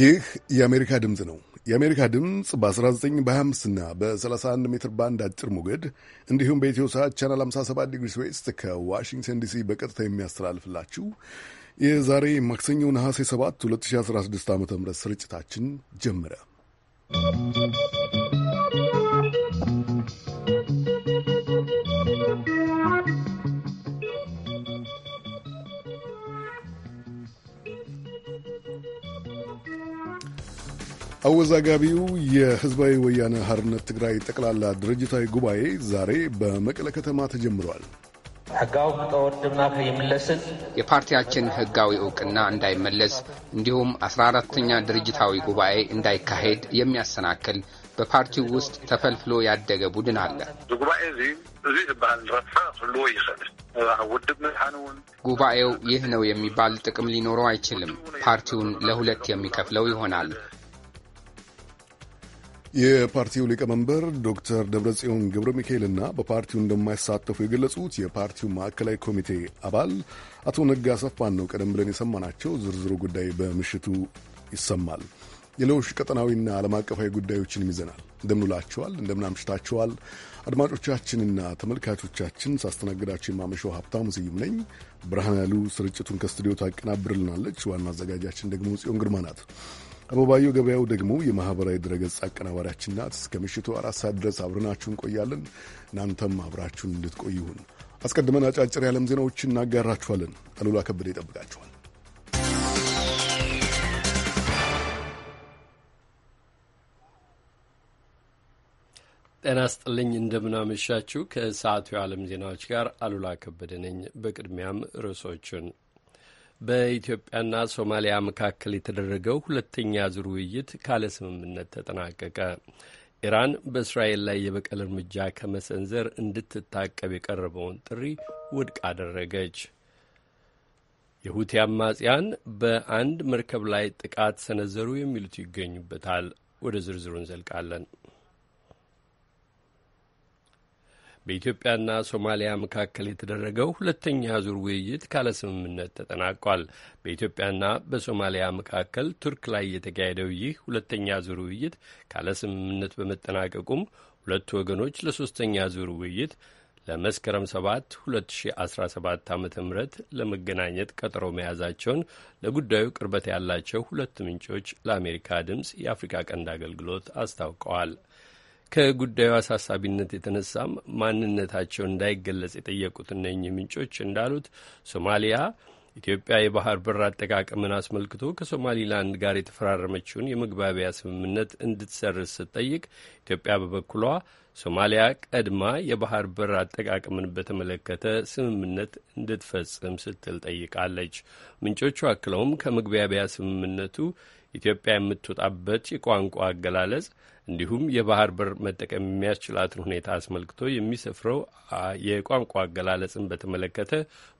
ይህ የአሜሪካ ድምፅ ነው። የአሜሪካ ድምፅ በ19 25 እና በ31 ሜትር ባንድ አጭር ሞገድ እንዲሁም በኢትዮ ሰዓት ቻናል 57 ዲግሪ ስዌስት ከዋሽንግተን ዲሲ በቀጥታ የሚያስተላልፍላችሁ የዛሬ ማክሰኞ ነሐሴ 7 2016 ዓ ም ስርጭታችን ጀመረ። አወዛጋቢው የህዝባዊ ወያነ ሀርነት ትግራይ ጠቅላላ ድርጅታዊ ጉባኤ ዛሬ በመቀለ ከተማ ተጀምሯል። ሕጋዊ ተወድብና ከይምለስን የፓርቲያችን ህጋዊ እውቅና እንዳይመለስ እንዲሁም አስራ አራተኛ ድርጅታዊ ጉባኤ እንዳይካሄድ የሚያሰናክል በፓርቲው ውስጥ ተፈልፍሎ ያደገ ቡድን አለ። ጉባኤ እዚ እዚ ዝበሃል ረብሓ ክህልዎ ይኽእል ጉባኤው ይህ ነው የሚባል ጥቅም ሊኖረው አይችልም። ፓርቲውን ለሁለት የሚከፍለው ይሆናል። የፓርቲው ሊቀመንበር ዶክተር ደብረጽዮን ገብረ ሚካኤልና በፓርቲው እንደማይሳተፉ የገለጹት የፓርቲው ማዕከላዊ ኮሚቴ አባል አቶ ነጋ ሰፋን ነው። ቀደም ብለን የሰማናቸው ዝርዝሩ ጉዳይ በምሽቱ ይሰማል። የለውሽ ቀጠናዊና ዓለም አቀፋዊ ጉዳዮችንም ይዘናል። እንደምንውላችኋል፣ እንደምናምሽታችኋል አድማጮቻችንና ተመልካቾቻችን ሳስተናግዳቸው የማመሻው ሀብታሙ ስዩም ነኝ። ብርሃን ያሉ ስርጭቱን ከስቱዲዮ ታቀናብርልናለች። ዋና አዘጋጃችን ደግሞ ጽዮን ግርማ ናት። አበባየው ገበያው ደግሞ የማህበራዊ ድረገጽ አቀናባሪያችን ናት። እስከ ምሽቱ አራት ሰዓት ድረስ አብረናችሁ እንቆያለን። እናንተም አብራችሁን እንድትቆይ ይሁን። አስቀድመን አጫጭር የዓለም ዜናዎችን እናጋራችኋለን። አሉላ ከበደ ይጠብቃችኋል። ጤና ስጥልኝ እንደምናመሻችሁ። ከሰዓቱ የዓለም ዜናዎች ጋር አሉላ ከበደ ነኝ። በቅድሚያም ርዕሶቹን በኢትዮጵያና ሶማሊያ መካከል የተደረገው ሁለተኛ ዙር ውይይት ካለ ስምምነት ተጠናቀቀ። ኢራን በእስራኤል ላይ የበቀል እርምጃ ከመሰንዘር እንድትታቀብ የቀረበውን ጥሪ ውድቅ አደረገች። የሁቲ አማጽያን በአንድ መርከብ ላይ ጥቃት ሰነዘሩ የሚሉት ይገኙበታል። ወደ ዝርዝሩ እንዘልቃለን። በኢትዮጵያና ሶማሊያ መካከል የተደረገው ሁለተኛ ዙር ውይይት ካለ ስምምነት ተጠናቋል። በኢትዮጵያና በሶማሊያ መካከል ቱርክ ላይ የተካሄደው ይህ ሁለተኛ ዙር ውይይት ካለ ስምምነት በመጠናቀቁም ሁለቱ ወገኖች ለሶስተኛ ዙር ውይይት ለመስከረም 7 2017 ዓ ም ለመገናኘት ቀጠሮ መያዛቸውን ለጉዳዩ ቅርበት ያላቸው ሁለት ምንጮች ለአሜሪካ ድምፅ የአፍሪካ ቀንድ አገልግሎት አስታውቀዋል። ከጉዳዩ አሳሳቢነት የተነሳም ማንነታቸው እንዳይገለጽ የጠየቁት እነኚህ ምንጮች እንዳሉት ሶማሊያ ኢትዮጵያ የባህር በር አጠቃቀምን አስመልክቶ ከሶማሊላንድ ጋር የተፈራረመችውን የመግባቢያ ስምምነት እንድትሰርዝ ስትጠይቅ ኢትዮጵያ በበኩሏ ሶማሊያ ቀድማ የባህር በር አጠቃቀምን በተመለከተ ስምምነት እንድትፈጽም ስትል ጠይቃለች። ምንጮቹ አክለውም ከመግባቢያ ስምምነቱ ኢትዮጵያ የምትወጣበት የቋንቋ አገላለጽ እንዲሁም የባህር በር መጠቀም የሚያስችላትን ሁኔታ አስመልክቶ የሚሰፍረው የቋንቋ አገላለጽን በተመለከተ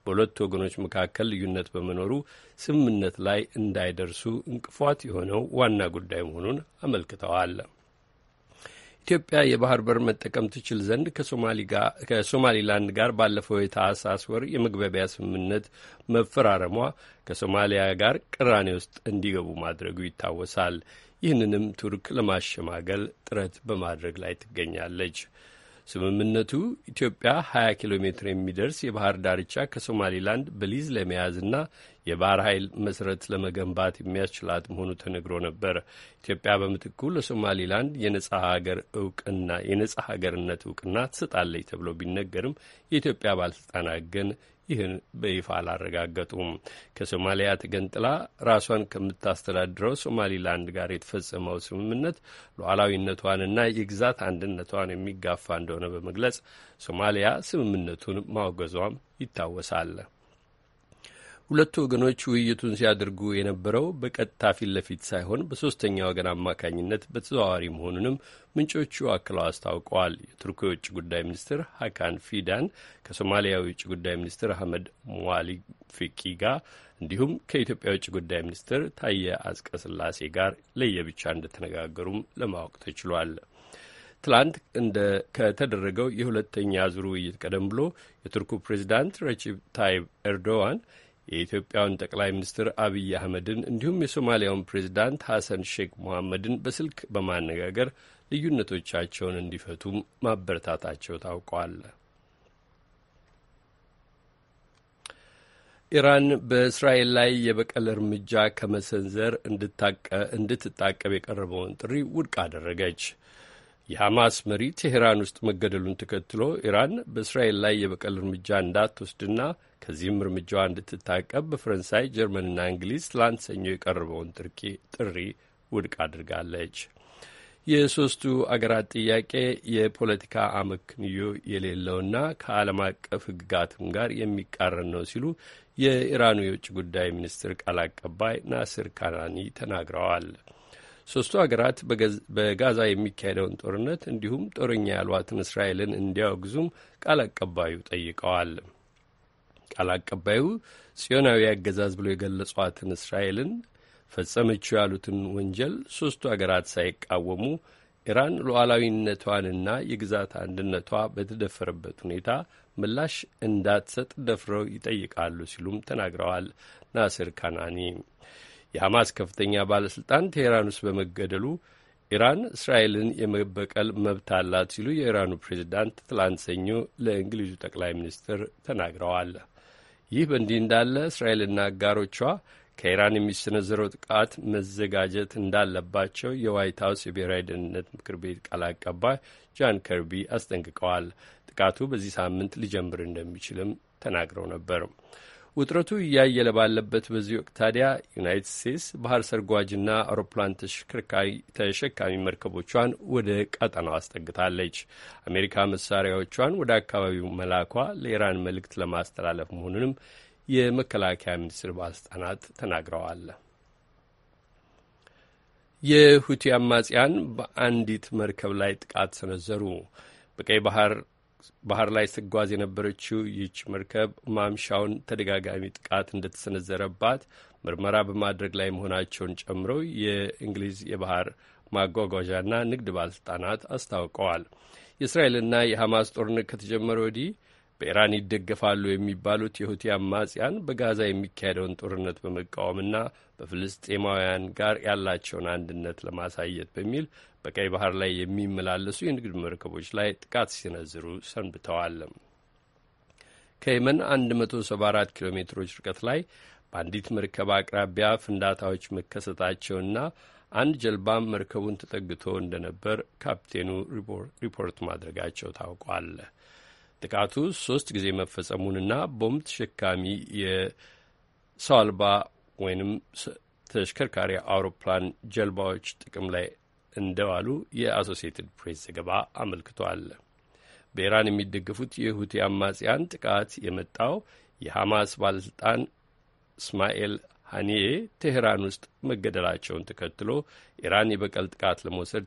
በሁለቱ ወገኖች መካከል ልዩነት በመኖሩ ስምምነት ላይ እንዳይደርሱ እንቅፋት የሆነው ዋና ጉዳይ መሆኑን አመልክተዋል። ኢትዮጵያ የባህር በር መጠቀም ትችል ዘንድ ከሶማሊላንድ ጋር ባለፈው የታህሳስ ወር የመግባቢያ ስምምነት መፈራረሟ ከሶማሊያ ጋር ቅራኔ ውስጥ እንዲገቡ ማድረጉ ይታወሳል። ይህንንም ቱርክ ለማሸማገል ጥረት በማድረግ ላይ ትገኛለች። ስምምነቱ ኢትዮጵያ 20 ኪሎ ሜትር የሚደርስ የባህር ዳርቻ ከሶማሌላንድ በሊዝ ለመያዝና የባህር ኃይል መሰረት ለመገንባት የሚያስችላት መሆኑ ተነግሮ ነበር። ኢትዮጵያ በምትኩ ለሶማሌላንድ የነጻ ሀገር እውቅና የነጻ ሀገርነት እውቅና ትሰጣለች ተብሎ ቢነገርም የኢትዮጵያ ባለስልጣናት ግን ይህን በይፋ አላረጋገጡም። ከሶማሊያ ተገንጥላ ራሷን ከምታስተዳድረው ሶማሊላንድ ጋር የተፈጸመው ስምምነት ሉዓላዊነቷንና የግዛት አንድነቷን የሚጋፋ እንደሆነ በመግለጽ ሶማሊያ ስምምነቱን ማውገዟም ይታወሳል። ሁለቱ ወገኖች ውይይቱን ሲያደርጉ የነበረው በቀጥታ ፊት ለፊት ሳይሆን በሶስተኛ ወገን አማካኝነት በተዘዋዋሪ መሆኑንም ምንጮቹ አክለው አስታውቀዋል። የቱርኩ የውጭ ጉዳይ ሚኒስትር ሀካን ፊዳን ከሶማሊያ የውጭ ጉዳይ ሚኒስትር አህመድ ሟሊ ፊቂ ጋር እንዲሁም ከኢትዮጵያ የውጭ ጉዳይ ሚኒስትር ታየ አጽቀ ሥላሴ ጋር ለየብቻ እንደተነጋገሩም ለማወቅ ተችሏል። ትላንት እንደ ከተደረገው የሁለተኛ ዙር ውይይት ቀደም ብሎ የቱርኩ ፕሬዚዳንት ረጀብ ታይብ ኤርዶዋን የኢትዮጵያውን ጠቅላይ ሚኒስትር አብይ አህመድን እንዲሁም የሶማሊያውን ፕሬዚዳንት ሐሰን ሼክ ሞሐመድን በስልክ በማነጋገር ልዩነቶቻቸውን እንዲፈቱም ማበረታታቸው ታውቋል። ኢራን በእስራኤል ላይ የበቀል እርምጃ ከመሰንዘር እንድትታቀብ የቀረበውን ጥሪ ውድቅ አደረገች። የሐማስ መሪ ቴሄራን ውስጥ መገደሉን ተከትሎ ኢራን በእስራኤል ላይ የበቀል እርምጃ እንዳትወስድና ከዚህም እርምጃዋ እንድትታቀብ በፈረንሳይ ጀርመንና እንግሊዝ ትላንት ሰኞ የቀረበውን ጥሪ ውድቅ አድርጋለች። የሶስቱ አገራት ጥያቄ የፖለቲካ አመክንዮ የሌለውና ከዓለም አቀፍ ሕግጋትም ጋር የሚቃረን ነው ሲሉ የኢራኑ የውጭ ጉዳይ ሚኒስትር ቃል አቀባይ ናስር ካናኒ ተናግረዋል። ሶስቱ ሀገራት በጋዛ የሚካሄደውን ጦርነት እንዲሁም ጦረኛ ያሏትን እስራኤልን እንዲያወግዙም ቃል አቀባዩ ጠይቀዋል። ቃል አቀባዩ ጽዮናዊ አገዛዝ ብሎ የገለጿትን እስራኤልን ፈጸመችው ያሉትን ወንጀል ሶስቱ ሀገራት ሳይቃወሙ ኢራን ሉዓላዊነቷንና የግዛት አንድነቷ በተደፈረበት ሁኔታ ምላሽ እንዳትሰጥ ደፍረው ይጠይቃሉ ሲሉም ተናግረዋል። ናስር ካናኒ የሐማስ ከፍተኛ ባለስልጣን ቴህራን ውስጥ በመገደሉ ኢራን እስራኤልን የመበቀል መብት አላት ሲሉ የኢራኑ ፕሬዚዳንት ትላንት ሰኞ ለእንግሊዙ ጠቅላይ ሚኒስትር ተናግረዋል። ይህ በእንዲህ እንዳለ እስራኤልና አጋሮቿ ከኢራን የሚሰነዘረው ጥቃት መዘጋጀት እንዳለባቸው የዋይት ሀውስ የብሔራዊ ደህንነት ምክር ቤት ቃል አቀባይ ጃን ከርቢ አስጠንቅቀዋል። ጥቃቱ በዚህ ሳምንት ሊጀምር እንደሚችልም ተናግረው ነበር። ውጥረቱ እያየለ ባለበት በዚህ ወቅት ታዲያ ዩናይትድ ስቴትስ ባህር ሰርጓጅና አውሮፕላን ተሸካሚ መርከቦቿን ወደ ቀጠናው አስጠግታለች። አሜሪካ መሳሪያዎቿን ወደ አካባቢው መላኳ ለኢራን መልእክት ለማስተላለፍ መሆኑንም የመከላከያ ሚኒስትር ባለስልጣናት ተናግረዋል። የሁቲ አማጽያን በአንዲት መርከብ ላይ ጥቃት ሰነዘሩ። በቀይ ባህር ባህር ላይ ስጓዝ የነበረችው ይች መርከብ ማምሻውን ተደጋጋሚ ጥቃት እንደተሰነዘረባት ምርመራ በማድረግ ላይ መሆናቸውን ጨምሮ የእንግሊዝ የባህር ማጓጓዣና ንግድ ባለስልጣናት አስታውቀዋል። የእስራኤልና የሐማስ ጦርነት ከተጀመረ ወዲህ በኢራን ይደገፋሉ የሚባሉት የሁቲ አማጽያን በጋዛ የሚካሄደውን ጦርነት በመቃወምና በፍልስጤማውያን ጋር ያላቸውን አንድነት ለማሳየት በሚል በቀይ ባህር ላይ የሚመላለሱ የንግድ መርከቦች ላይ ጥቃት ሲነዝሩ ሰንብተዋል። ከየመን 174 ኪሎ ሜትሮች ርቀት ላይ በአንዲት መርከብ አቅራቢያ ፍንዳታዎች መከሰታቸውና አንድ ጀልባም መርከቡን ተጠግቶ እንደነበር ካፕቴኑ ሪፖርት ማድረጋቸው ታውቋል። ጥቃቱ ሶስት ጊዜ መፈጸሙንና ቦምብ ተሸካሚ የሰው አልባ ወይንም ተሽከርካሪ አውሮፕላን ጀልባዎች ጥቅም ላይ እንደዋሉ የአሶሲየትድ ፕሬስ ዘገባ አመልክቷል። በኢራን የሚደገፉት የሁቲ አማጽያን ጥቃት የመጣው የሐማስ ባለሥልጣን እስማኤል ሀኒዬ ቴህራን ውስጥ መገደላቸውን ተከትሎ ኢራን የበቀል ጥቃት ለመውሰድ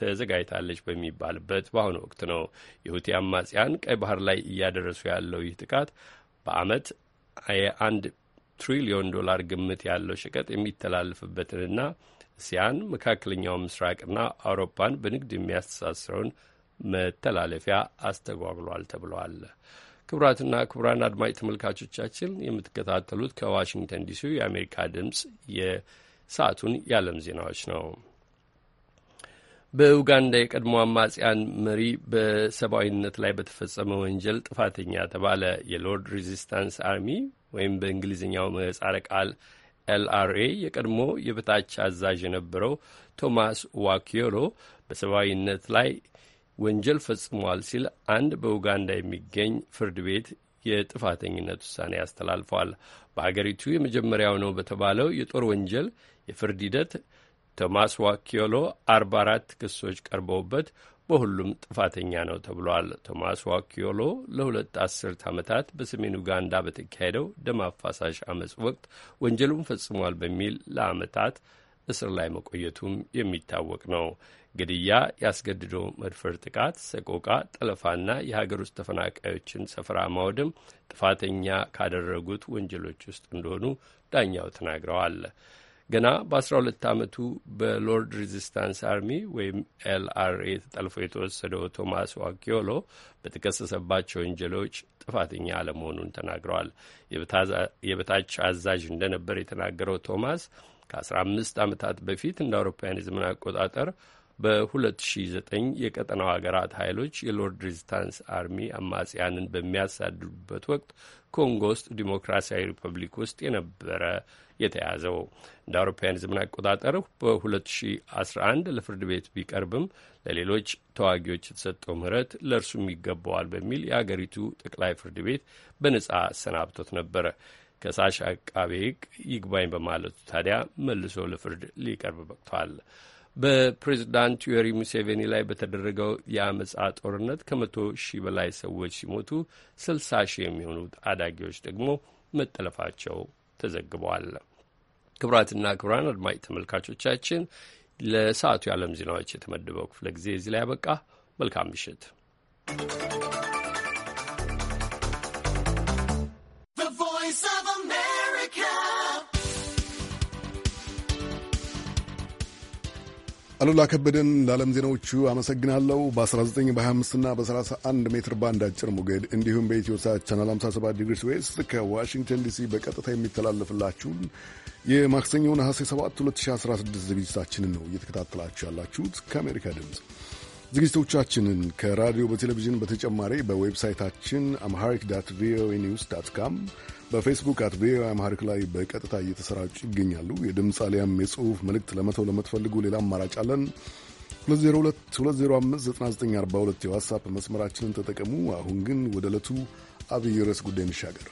ተዘጋጅታለች በሚባልበት በአሁኑ ወቅት ነው። የሁቲ አማጽያን ቀይ ባህር ላይ እያደረሱ ያለው ይህ ጥቃት በአመት የአንድ ትሪሊዮን ዶላር ግምት ያለው ሸቀጥ የሚተላለፍበትንና ሲያን መካከለኛው ምስራቅና አውሮፓን በንግድ የሚያስተሳስረውን መተላለፊያ አስተጓጉሏል ተብሏል። ክቡራትና ክቡራን አድማጭ ተመልካቾቻችን የምትከታተሉት ከዋሽንግተን ዲሲ የአሜሪካ ድምፅ የሰዓቱን የዓለም ዜናዎች ነው። በኡጋንዳ የቀድሞ አማጽያን መሪ በሰብአዊነት ላይ በተፈጸመ ወንጀል ጥፋተኛ ተባለ። የሎርድ ሬዚስታንስ አርሚ ወይም በእንግሊዝኛው ምህጻረ ቃል ኤልአርኤ የቀድሞ የበታች አዛዥ የነበረው ቶማስ ዋኪዮሎ በሰብአዊነት ላይ ወንጀል ፈጽሟል ሲል አንድ በኡጋንዳ የሚገኝ ፍርድ ቤት የጥፋተኝነት ውሳኔ አስተላልፏል። በሀገሪቱ የመጀመሪያው ነው በተባለው የጦር ወንጀል የፍርድ ሂደት ቶማስ ዋኪዮሎ አርባ አራት ክሶች ቀርበውበት በሁሉም ጥፋተኛ ነው ተብሏል። ቶማስ ዋኪዮሎ ለሁለት አስርት ዓመታት በሰሜን ኡጋንዳ በተካሄደው ደም አፋሳሽ አመፅ ወቅት ወንጀሉን ፈጽሟል በሚል ለአመታት እስር ላይ መቆየቱም የሚታወቅ ነው። ግድያ፣ ያስገድዶ መድፈር፣ ጥቃት፣ ሰቆቃ፣ ጠለፋና የሀገር ውስጥ ተፈናቃዮችን ሰፈራ ማውደም ጥፋተኛ ካደረጉት ወንጀሎች ውስጥ እንደሆኑ ዳኛው ተናግረዋል። ገና በ12 ዓመቱ በሎርድ ሬዚስታንስ አርሚ ወይም ኤልአርኤ ተጠልፎ የተወሰደው ቶማስ ዋኪዮሎ በተከሰሰባቸው ወንጀሎች ጥፋተኛ አለመሆኑን ተናግረዋል። የበታች አዛዥ እንደነበር የተናገረው ቶማስ ከ15 ዓመታት በፊት እንደ አውሮፓውያን የዘመን አቆጣጠር በ2009 የቀጠናው ሀገራት ኃይሎች የሎርድ ሬዚስታንስ አርሚ አማጽያንን በሚያሳድዱበት ወቅት ኮንጎ ውስጥ ዲሞክራሲያዊ ሪፐብሊክ ውስጥ የነበረ የተያዘው እንደ አውሮፓውያን ዘመን አቆጣጠር በ2011 ለፍርድ ቤት ቢቀርብም ለሌሎች ተዋጊዎች የተሰጠው ምህረት ለእርሱም ይገባዋል በሚል የአገሪቱ ጠቅላይ ፍርድ ቤት በነጻ አሰናብቶት ነበረ። ከሳሽ አቃቤ ሕግ ይግባኝ በማለቱ ታዲያ መልሶ ለፍርድ ሊቀርብ በቅቷል። በፕሬዚዳንት ዩዌሪ ሙሴቬኒ ላይ በተደረገው የአመፃ ጦርነት ከመቶ ሺህ በላይ ሰዎች ሲሞቱ ስልሳ ሺህ የሚሆኑ አዳጊዎች ደግሞ መጠለፋቸው ተዘግበዋል። ክቡራትና ክቡራን አድማጭ ተመልካቾቻችን ለሰዓቱ የዓለም ዜናዎች የተመደበው ክፍለ ጊዜ እዚህ ላይ ያበቃ። መልካም ምሽት። አሉላ ከበደን ለዓለም ዜናዎቹ አመሰግናለሁ። በ19 በ25 እና በ31 ሜትር ባንድ አጭር ሞገድ እንዲሁም በኢትዮሳት ቻናል 57 ዲግሪስ ዌስት ከዋሽንግተን ዲሲ በቀጥታ የሚተላለፍላችሁን የማክሰኞ ነሐሴ 7 2016 ዝግጅታችንን ነው እየተከታተላችሁ ያላችሁት ከአሜሪካ ድምፅ። ዝግጅቶቻችንን ከራዲዮ በቴሌቪዥን በተጨማሪ በዌብሳይታችን አምሃሪክ ዳት ቪኦኤ ኒውስ ዳት ካም በፌስቡክ አት ቪኦኤ አማሪክ ላይ በቀጥታ እየተሰራጩ ይገኛሉ። የድምፅ አሊያም የጽሁፍ መልእክት ለመተው ለምትፈልጉ ሌላ አማራጭ አለን። 2022059942 የዋትሳፕ መስመራችንን ተጠቀሙ። አሁን ግን ወደ ዕለቱ አብይ ርዕስ ጉዳይ እንሻገር።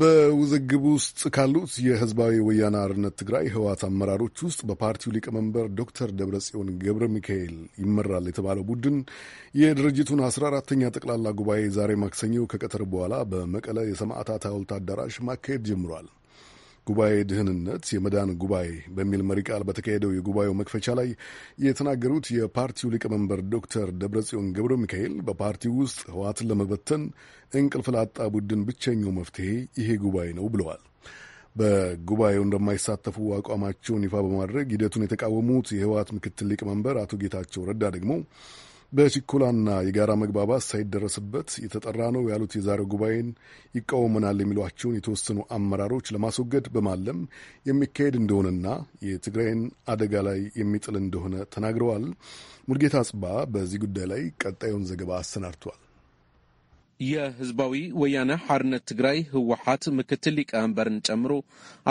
በውዝግብ ውስጥ ካሉት የህዝባዊ ወያነ አርነት ትግራይ ህወሓት አመራሮች ውስጥ በፓርቲው ሊቀመንበር ዶክተር ደብረጽዮን ገብረ ሚካኤል ይመራል የተባለው ቡድን የድርጅቱን አስራ አራተኛ ጠቅላላ ጉባኤ ዛሬ ማክሰኞ ከቀትር በኋላ በመቀለ የሰማዕታት ሐውልት አዳራሽ ማካሄድ ጀምሯል። ጉባኤ ድህንነት የመዳን ጉባኤ በሚል መሪ ቃል በተካሄደው የጉባኤው መክፈቻ ላይ የተናገሩት የፓርቲው ሊቀመንበር ዶክተር ደብረጽዮን ገብረ ሚካኤል በፓርቲው ውስጥ ህዋትን ለመበተን እንቅልፍ ላጣ ቡድን ብቸኛው መፍትሄ ይሄ ጉባኤ ነው ብለዋል። በጉባኤው እንደማይሳተፉ አቋማቸውን ይፋ በማድረግ ሂደቱን የተቃወሙት የህወሓት ምክትል ሊቀመንበር አቶ ጌታቸው ረዳ ደግሞ በችኮላና የጋራ መግባባት ሳይደረስበት የተጠራ ነው ያሉት የዛሬው ጉባኤን ይቃወመናል የሚሏቸውን የተወሰኑ አመራሮች ለማስወገድ በማለም የሚካሄድ እንደሆነና የትግራይን አደጋ ላይ የሚጥል እንደሆነ ተናግረዋል። ሙልጌታ አጽባ በዚህ ጉዳይ ላይ ቀጣዩን ዘገባ አሰናድቷል። የህዝባዊ ወያነ ሐርነት ትግራይ ህወሓት ምክትል ሊቀመንበርን ጨምሮ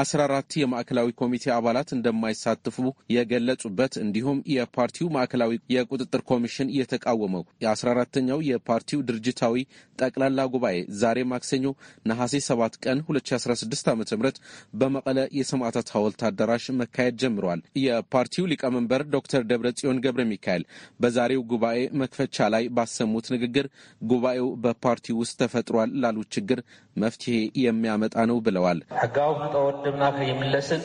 አስራ አራት የማዕከላዊ ኮሚቴ አባላት እንደማይሳትፉ የገለጹበት እንዲሁም የፓርቲው ማዕከላዊ የቁጥጥር ኮሚሽን የተቃወመው የአስራ አራተኛው የፓርቲው ድርጅታዊ ጠቅላላ ጉባኤ ዛሬ ማክሰኞ ነሐሴ ሰባት ቀን ሁለት ሺ አስራ ስድስት ዓመተ በመቀለ የሰማዕታት ሐውልት አዳራሽ መካሄድ ጀምረዋል። የፓርቲው ሊቀመንበር ዶክተር ደብረ ጽዮን ገብረ ሚካኤል በዛሬው ጉባኤ መክፈቻ ላይ ባሰሙት ንግግር ጉባኤው በፓርቲ ፓርቲ ውስጥ ተፈጥሯል ላሉት ችግር መፍትሄ የሚያመጣ ነው ብለዋል። ሕጋዊ ተወድብና ከይምለስን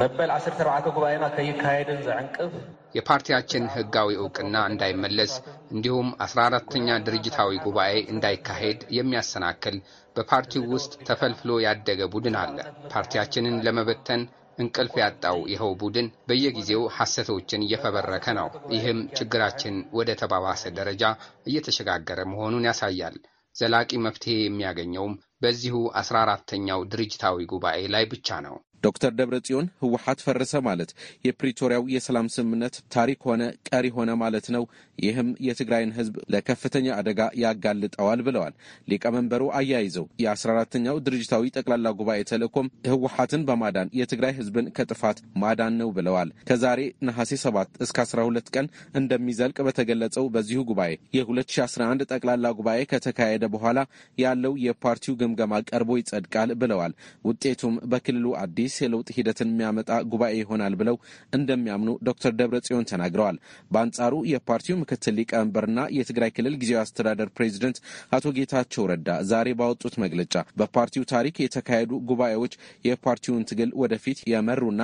መበል 14 ጉባኤና ከይካሄድን ዘዕንቅፍ የፓርቲያችን ህጋዊ እውቅና እንዳይመለስ እንዲሁም አስራ አራተኛ ድርጅታዊ ጉባኤ እንዳይካሄድ የሚያሰናክል በፓርቲው ውስጥ ተፈልፍሎ ያደገ ቡድን አለ። ፓርቲያችንን ለመበተን እንቅልፍ ያጣው ይኸው ቡድን በየጊዜው ሐሰቶችን እየፈበረከ ነው። ይህም ችግራችን ወደ ተባባሰ ደረጃ እየተሸጋገረ መሆኑን ያሳያል። ዘላቂ መፍትሄ የሚያገኘውም በዚሁ አስራ አራተኛው ድርጅታዊ ጉባኤ ላይ ብቻ ነው። ዶክተር ደብረ ጽዮን ህወሓት ፈረሰ ማለት የፕሪቶሪያው የሰላም ስምምነት ታሪክ ሆነ ቀሪ ሆነ ማለት ነው፣ ይህም የትግራይን ህዝብ ለከፍተኛ አደጋ ያጋልጠዋል ብለዋል። ሊቀመንበሩ አያይዘው የ14ተኛው ድርጅታዊ ጠቅላላ ጉባኤ ተልእኮም ህወሓትን በማዳን የትግራይ ህዝብን ከጥፋት ማዳን ነው ብለዋል። ከዛሬ ነሐሴ 7 እስከ 12 ቀን እንደሚዘልቅ በተገለጸው በዚሁ ጉባኤ የ2011 ጠቅላላ ጉባኤ ከተካሄደ በኋላ ያለው የፓርቲው ግምገማ ቀርቦ ይጸድቃል ብለዋል። ውጤቱም በክልሉ አዲስ አዲስ የለውጥ ሂደትን የሚያመጣ ጉባኤ ይሆናል ብለው እንደሚያምኑ ዶክተር ደብረ ጽዮን ተናግረዋል። በአንጻሩ የፓርቲው ምክትል ሊቀመንበርና የትግራይ ክልል ጊዜያዊ አስተዳደር ፕሬዚደንት አቶ ጌታቸው ረዳ ዛሬ ባወጡት መግለጫ በፓርቲው ታሪክ የተካሄዱ ጉባኤዎች የፓርቲውን ትግል ወደፊት የመሩና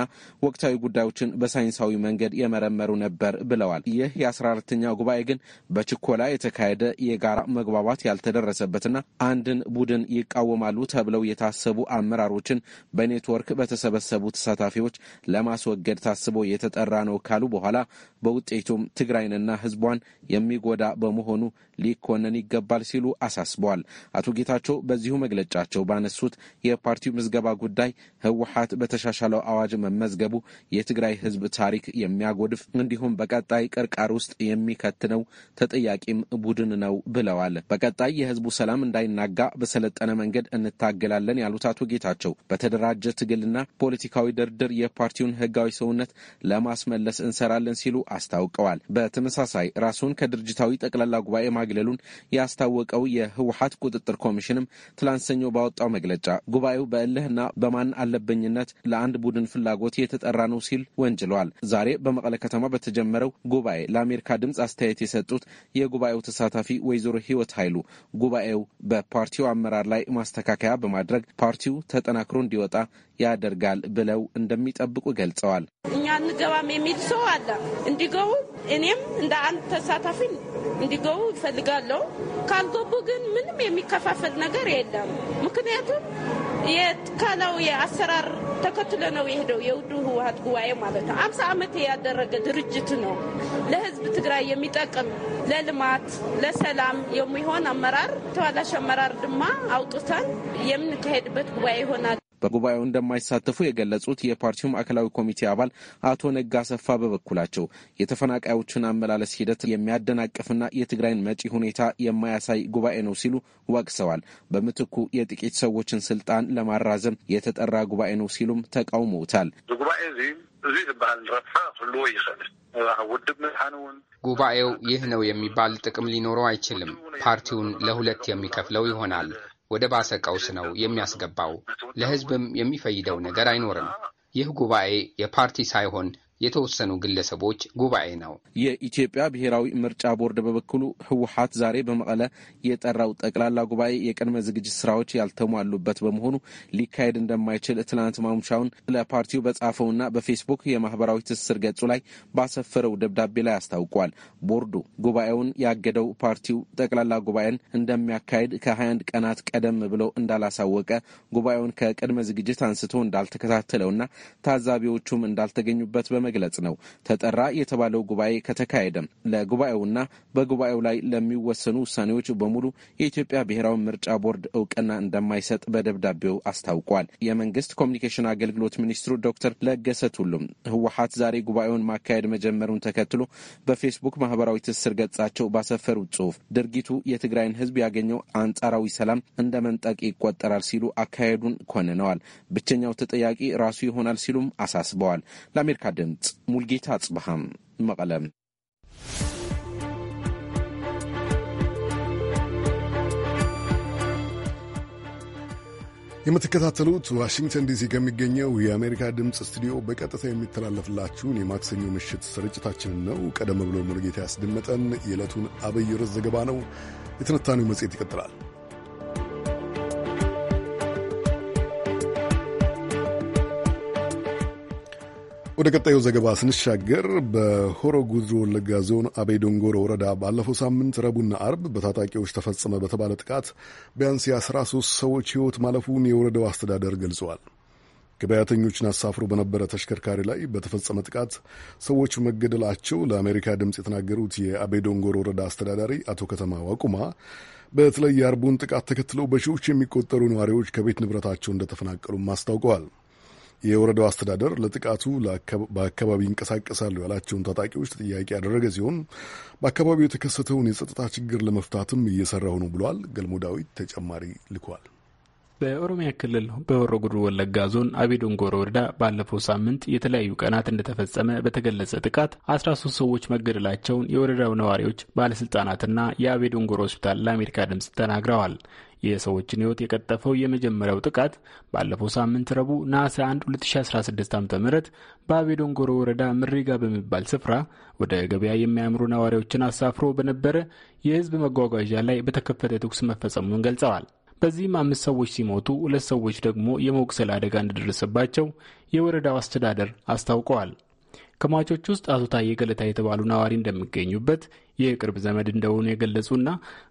ወቅታዊ ጉዳዮችን በሳይንሳዊ መንገድ የመረመሩ ነበር ብለዋል። ይህ የ 14 ጉባኤ ግን በችኮላ የተካሄደ የጋራ መግባባት ያልተደረሰበትና አንድን ቡድን ይቃወማሉ ተብለው የታሰቡ አመራሮችን በኔትወርክ በተ የተሰበሰቡ ተሳታፊዎች ለማስወገድ ታስቦ የተጠራ ነው ካሉ በኋላ በውጤቱም ትግራይንና ህዝቧን የሚጎዳ በመሆኑ ሊኮነን ይገባል ሲሉ አሳስበዋል። አቶ ጌታቸው በዚሁ መግለጫቸው ባነሱት የፓርቲው ምዝገባ ጉዳይ ህወሀት በተሻሻለው አዋጅ መመዝገቡ የትግራይ ህዝብ ታሪክ የሚያጎድፍ እንዲሁም በቀጣይ ቅርቃር ውስጥ የሚከትነው ተጠያቂም ቡድን ነው ብለዋል። በቀጣይ የህዝቡ ሰላም እንዳይናጋ በሰለጠነ መንገድ እንታገላለን ያሉት አቶ ጌታቸው በተደራጀ ትግልና ፖለቲካዊ ድርድር የፓርቲውን ህጋዊ ሰውነት ለማስመለስ እንሰራለን ሲሉ አስታውቀዋል። በተመሳሳይ ራሱን ከድርጅታዊ ጠቅላላ ጉባኤ ማግለሉን ያስታወቀው የህወሀት ቁጥጥር ኮሚሽንም ትላንት ሰኞ ባወጣው መግለጫ ጉባኤው በእልህና በማን አለብኝነት ለአንድ ቡድን ፍላጎት የተጠራ ነው ሲል ወንጅለዋል። ዛሬ በመቀለ ከተማ በተጀመረው ጉባኤ ለአሜሪካ ድምፅ አስተያየት የሰጡት የጉባኤው ተሳታፊ ወይዘሮ ህይወት ኃይሉ ጉባኤው በፓርቲው አመራር ላይ ማስተካከያ በማድረግ ፓርቲው ተጠናክሮ እንዲወጣ ያደርጋል ብለው እንደሚጠብቁ ገልጸዋል። እኛ እንገባም የሚል ሰው አለ እንዲገቡ እኔም እንደ አንድ ተሳታፊ እንዲገቡ ይፈልጋለሁ። ካልገቡ ግን ምንም የሚከፋፈል ነገር የለም። ምክንያቱም የካላው የአሰራር ተከትሎ ነው የሄደው። የውዱ ህወሀት ጉባኤ ማለት ነው። አምሳ ዓመት ያደረገ ድርጅት ነው። ለህዝብ ትግራይ የሚጠቅም ለልማት ለሰላም የሚሆን አመራር ተዋላሽ አመራር ድማ አውጥተን የምንካሄድበት ጉባኤ ይሆናል። በጉባኤው እንደማይሳተፉ የገለጹት የፓርቲው ማዕከላዊ ኮሚቴ አባል አቶ ነጋ ሰፋ በበኩላቸው የተፈናቃዮችን አመላለስ ሂደት የሚያደናቅፍና የትግራይን መጪ ሁኔታ የማያሳይ ጉባኤ ነው ሲሉ ወቅሰዋል። በምትኩ የጥቂት ሰዎችን ስልጣን ለማራዘም የተጠራ ጉባኤ ነው ሲሉም ተቃውመውታል። ጉባኤው ይህ ነው የሚባል ጥቅም ሊኖረው አይችልም። ፓርቲውን ለሁለት የሚከፍለው ይሆናል። ወደ ባሰ ቀውስ ነው የሚያስገባው። ለህዝብም የሚፈይደው ነገር አይኖርም። ይህ ጉባኤ የፓርቲ ሳይሆን የተወሰኑ ግለሰቦች ጉባኤ ነው። የኢትዮጵያ ብሔራዊ ምርጫ ቦርድ በበኩሉ ህወሀት ዛሬ በመቀለ የጠራው ጠቅላላ ጉባኤ የቅድመ ዝግጅት ስራዎች ያልተሟሉበት በመሆኑ ሊካሄድ እንደማይችል ትናንት ማምሻውን ለፓርቲው በጻፈውና በፌስቡክ የማህበራዊ ትስስር ገጹ ላይ ባሰፈረው ደብዳቤ ላይ አስታውቋል። ቦርዱ ጉባኤውን ያገደው ፓርቲው ጠቅላላ ጉባኤን እንደሚያካሄድ ከ21 ቀናት ቀደም ብሎ እንዳላሳወቀ ጉባኤውን ከቅድመ ዝግጅት አንስቶ እንዳልተከታተለውና ታዛቢዎቹም እንዳልተገኙበት በመ መግለጽ ነው ተጠራ የተባለው ጉባኤ ከተካሄደም ለጉባኤውና በጉባኤው ላይ ለሚወሰኑ ውሳኔዎች በሙሉ የኢትዮጵያ ብሔራዊ ምርጫ ቦርድ እውቅና እንደማይሰጥ በደብዳቤው አስታውቋል። የመንግስት ኮሚኒኬሽን አገልግሎት ሚኒስትሩ ዶክተር ለገሰ ቱሉም ህወሀት ዛሬ ጉባኤውን ማካሄድ መጀመሩን ተከትሎ በፌስቡክ ማህበራዊ ትስስር ገጻቸው ባሰፈሩት ጽሁፍ ድርጊቱ የትግራይን ህዝብ ያገኘው አንጻራዊ ሰላም እንደ መንጠቅ ይቆጠራል ሲሉ አካሄዱን ኮንነዋል። ብቸኛው ተጠያቂ ራሱ ይሆናል ሲሉም አሳስበዋል። ለአሜሪካ ድምጽ ድምፅ ሙልጌታ አጽብሃም መቐለም። የምትከታተሉት ዋሽንግተን ዲሲ ከሚገኘው የአሜሪካ ድምፅ ስቱዲዮ በቀጥታ የሚተላለፍላችሁን የማክሰኞ ምሽት ስርጭታችንን ነው። ቀደም ብሎ ሙልጌታ ያስደመጠን የዕለቱን አብይ ርዕስ ዘገባ ነው። የትንታኔው መጽሔት ይቀጥላል። ወደ ቀጣዩ ዘገባ ስንሻገር በሆሮ ጉድሮ ወለጋ ዞን አቤ ዶንጎሮ ወረዳ ባለፈው ሳምንት ረቡና አርብ በታጣቂዎች ተፈጸመ በተባለ ጥቃት ቢያንስ የ13 ሰዎች ሕይወት ማለፉን የወረዳው አስተዳደር ገልጸዋል። ገበያተኞችን አሳፍሮ በነበረ ተሽከርካሪ ላይ በተፈጸመ ጥቃት ሰዎች መገደላቸው ለአሜሪካ ድምፅ የተናገሩት የአቤ ዶንጎሮ ወረዳ አስተዳዳሪ አቶ ከተማ ዋቁማ በተለይ የአርቡን ጥቃት ተከትለው በሺዎች የሚቆጠሩ ነዋሪዎች ከቤት ንብረታቸው እንደተፈናቀሉም አስታውቀዋል። የወረዳው አስተዳደር ለጥቃቱ በአካባቢ ይንቀሳቀሳሉ ያላቸውን ታጣቂዎች ተጠያቂ ያደረገ ሲሆን በአካባቢው የተከሰተውን የጸጥታ ችግር ለመፍታትም እየሰራሁ ነው ብሏል። ገልሞ ዳዊት ተጨማሪ ልኳል። በኦሮሚያ ክልል በሆሮ ጉዱሩ ወለጋ ዞን አቤዶንጎሮ ወረዳ ባለፈው ሳምንት የተለያዩ ቀናት እንደተፈጸመ በተገለጸ ጥቃት አስራ ሶስት ሰዎች መገደላቸውን የወረዳው ነዋሪዎች፣ ባለስልጣናትና የአቤዶንጎሮ ሆስፒታል ለአሜሪካ ድምፅ ተናግረዋል። የሰዎችን ሕይወት የቀጠፈው የመጀመሪያው ጥቃት ባለፈው ሳምንት ረቡዕ ነሐሴ 1 2016 ዓ ም በአቤዶንጎሮ ወረዳ ምሪጋ በሚባል ስፍራ ወደ ገበያ የሚያምሩ ነዋሪዎችን አሳፍሮ በነበረ የህዝብ መጓጓዣ ላይ በተከፈተ ተኩስ መፈጸሙን ገልጸዋል። በዚህም አምስት ሰዎች ሲሞቱ ሁለት ሰዎች ደግሞ የመቁሰል አደጋ እንደደረሰባቸው የወረዳው አስተዳደር አስታውቀዋል። ከሟቾች ውስጥ አቶ ታዬ ገለታ የተባሉ ነዋሪ እንደሚገኙበት የቅርብ ዘመድ እንደሆኑ የገለጹና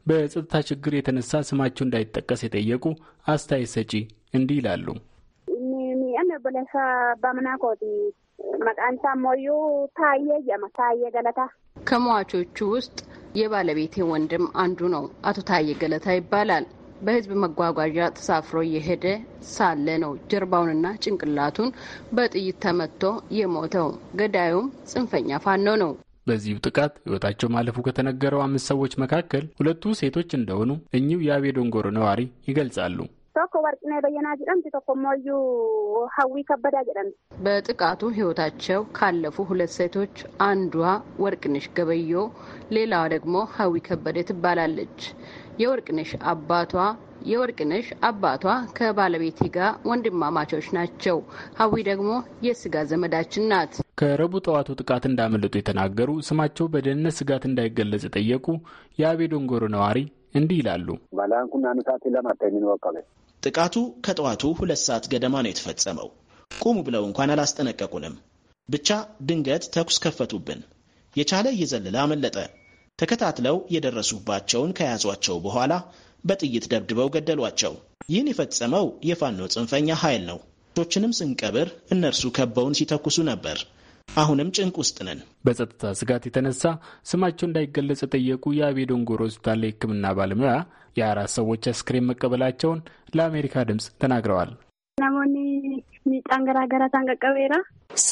በጸጥታ ችግር የተነሳ ስማቸው እንዳይጠቀስ የጠየቁ አስተያየት ሰጪ እንዲህ ይላሉ። በምናኮቲ መቃንሳ ሞዩ የመ ገለታ ከሟቾቹ ውስጥ የባለቤቴ ወንድም አንዱ ነው። አቶ ታዬ ገለታ ይባላል። በህዝብ መጓጓዣ ተሳፍሮ እየሄደ ሳለ ነው ጀርባውንና ጭንቅላቱን በጥይት ተመቶ የሞተው። ገዳዩም ጽንፈኛ ፋኖ ነው። በዚሁ ጥቃት ህይወታቸው ማለፉ ከተነገረው አምስት ሰዎች መካከል ሁለቱ ሴቶች እንደሆኑ እኚሁ የአቤ ዶንጎሮ ነዋሪ ይገልጻሉ። በጥቃቱ ህይወታቸው ካለፉ ሁለት ሴቶች አንዷ ወርቅነሽ ገበዮ፣ ሌላዋ ደግሞ ሀዊ ከበደ ትባላለች። የወርቅነሽ አባቷ የወርቅነሽ አባቷ ከባለቤቴ ጋር ወንድማማቾች ናቸው። ሀዊ ደግሞ የስጋ ዘመዳችን ናት። ከረቡ ጠዋቱ ጥቃት እንዳመለጡ የተናገሩ ስማቸው በደህንነት ስጋት እንዳይገለጽ የጠየቁ የአቤ ዶንጎሮ ነዋሪ እንዲህ ይላሉ። ጥቃቱ ከጠዋቱ ሁለት ሰዓት ገደማ ነው የተፈጸመው። ቁሙ ብለው እንኳን አላስጠነቀቁንም። ብቻ ድንገት ተኩስ ከፈቱብን። የቻለ እየዘለለ አመለጠ። ተከታትለው የደረሱባቸውን ከያዟቸው በኋላ በጥይት ደብድበው ገደሏቸው። ይህን የፈጸመው የፋኖ ጽንፈኛ ኃይል ነው። ቶችንም ስንቀብር እነርሱ ከበውን ሲተኩሱ ነበር። አሁንም ጭንቅ ውስጥ ነን። በጸጥታ ስጋት የተነሳ ስማቸው እንዳይገለጽ የጠየቁ የአቤዶንጎሮ ሆስፒታል የሕክምና ባለሙያ የአራት ሰዎች አስክሬን መቀበላቸውን ለአሜሪካ ድምፅ ተናግረዋል። ናሞኒ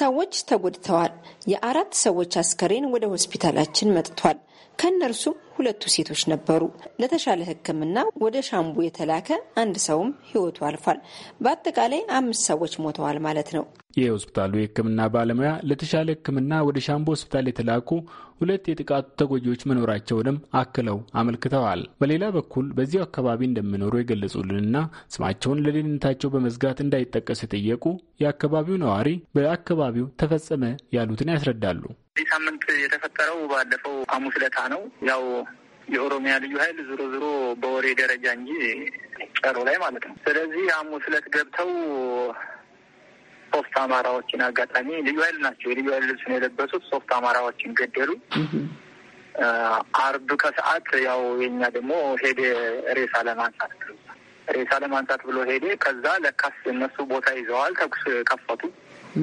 ሰዎች ተጎድተዋል። የአራት ሰዎች አስከሬን ወደ ሆስፒታላችን መጥቷል። ከእነርሱም ሁለቱ ሴቶች ነበሩ። ለተሻለ ሕክምና ወደ ሻምቡ የተላከ አንድ ሰውም ህይወቱ አልፏል። በአጠቃላይ አምስት ሰዎች ሞተዋል ማለት ነው። የሆስፒታሉ የሕክምና ባለሙያ ለተሻለ ሕክምና ወደ ሻምቡ ሆስፒታል የተላኩ ሁለት የጥቃቱ ተጎጂዎች መኖራቸውንም አክለው አመልክተዋል። በሌላ በኩል በዚያው አካባቢ እንደሚኖሩ የገለጹልንና ስማቸውን ለደህንነታቸው በመዝጋት እንዳይጠቀስ የጠየቁ የአካባቢው ነዋሪ በአካባቢው ተፈጸመ ያሉትን ያስረዳሉ። ሳምንት የተፈጠረው ባለፈው ሐሙስ ዕለት ነው። ያው የኦሮሚያ ልዩ ኃይል ዝሮ ዝሮ በወሬ ደረጃ እንጂ ጨሮ ላይ ማለት ነው። ስለዚህ ሐሙስ ዕለት ገብተው ሶስት አማራዎችን አጋጣሚ ልዩ ኃይል ናቸው። የልዩ ኃይል ልብስ የለበሱት። ሶስት አማራዎችን ገደሉ። አርብ ከሰዓት ያው የኛ ደግሞ ሄደ ሬሳ ለማንሳት ሬሳ ለማንሳት ብሎ ሄደ። ከዛ ለካስ እነሱ ቦታ ይዘዋል፣ ተኩስ ከፈቱ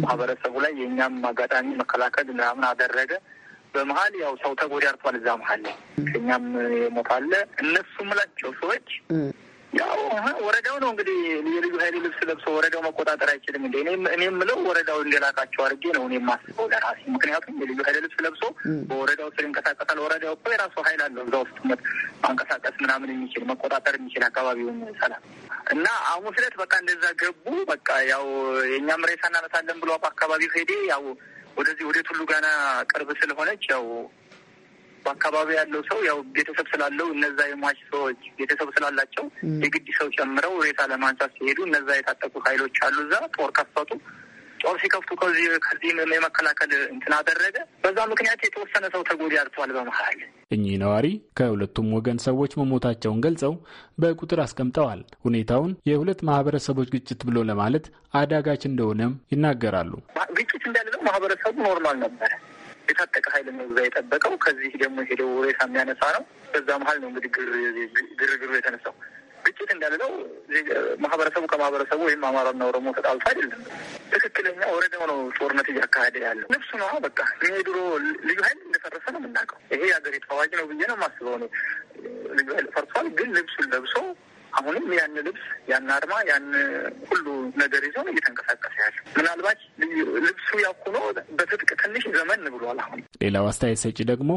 ማህበረሰቡ ላይ። የእኛም አጋጣሚ መከላከል ምናምን አደረገ። በመሀል ያው ሰው ተጎዳርቷል። እዛ መሀል ላይ እኛም የሞታለ እነሱ ምላቸው ሰዎች ያው ወረዳው ነው እንግዲህ የልዩ ኃይል ልብስ ለብሶ ወረዳው መቆጣጠር አይችልም። እንደ እኔ የምለው ወረዳው እንደላካቸው አድርጌ ነው እኔ የማስበው ለራሴ። ምክንያቱም የልዩ ኃይል ልብስ ለብሶ በወረዳው ስር ይንቀሳቀሳል። ወረዳው እኮ የራሱ ኃይል አለው እዛ ውስጥ ማንቀሳቀስ ምናምን የሚችል መቆጣጠር የሚችል አካባቢውን ሰላም እና ሐሙስ ዕለት በቃ እንደዛ ገቡ። በቃ ያው የእኛም ሬሳ እናነሳለን ብሎ አካባቢው ሄዴ ያው ወደዚህ ወደ ቱሉ ጋና ቅርብ ስለሆነች ያው በአካባቢ ያለው ሰው ያው ቤተሰብ ስላለው እነዛ የሟች ሰዎች ቤተሰብ ስላላቸው የግድ ሰው ጨምረው ሬሳ ለማንሳት ሲሄዱ እነዛ የታጠቁ ኃይሎች አሉ። እዛ ጦር ከፈቱ። ጦር ሲከፍቱ ከዚህ ከዚህም የመከላከል እንትን አደረገ። በዛ ምክንያት የተወሰነ ሰው ያርቷል። በመሀል። እኚህ ነዋሪ ከሁለቱም ወገን ሰዎች መሞታቸውን ገልጸው በቁጥር አስቀምጠዋል። ሁኔታውን የሁለት ማህበረሰቦች ግጭት ብሎ ለማለት አዳጋች እንደሆነም ይናገራሉ። ግጭት እንዳለው ማህበረሰቡ ኖርማል ነበረ። የታጠቀ ኃይል ነው እዛ የጠበቀው። ከዚህ ደግሞ ሄደው ሬሳ የሚያነሳ ነው። በዛ መሀል ነው እንግዲህ ግርግሩ የተነሳው። ግጭት እንዳለው ማህበረሰቡ ከማህበረሰቡ ወይም አማራና ኦሮሞ ተጣልቶ አይደለም። ትክክለኛ ወረደ ነው ጦርነት እያካሄደ ያለ። ነፍሱ ነው። በቃ ይሄ ድሮ ልዩ ኃይል እንደፈረሰ ነው የምናውቀው። ይሄ የሀገሪቱ አዋጅ ነው ብዬ ነው የማስበው። ነው ልዩ ኃይል ፈርሷል፣ ግን ልብሱን ለብሶ አሁንም ያን ልብስ ያን አርማ ያን ሁሉ ነገር ይዞ እየተንቀሳቀሰ ያለ ምናልባት ልብሱ ያኩኖ በትጥቅ ትንሽ ዘመን ብሏል። አሁን ሌላው አስተያየት ሰጪ ደግሞ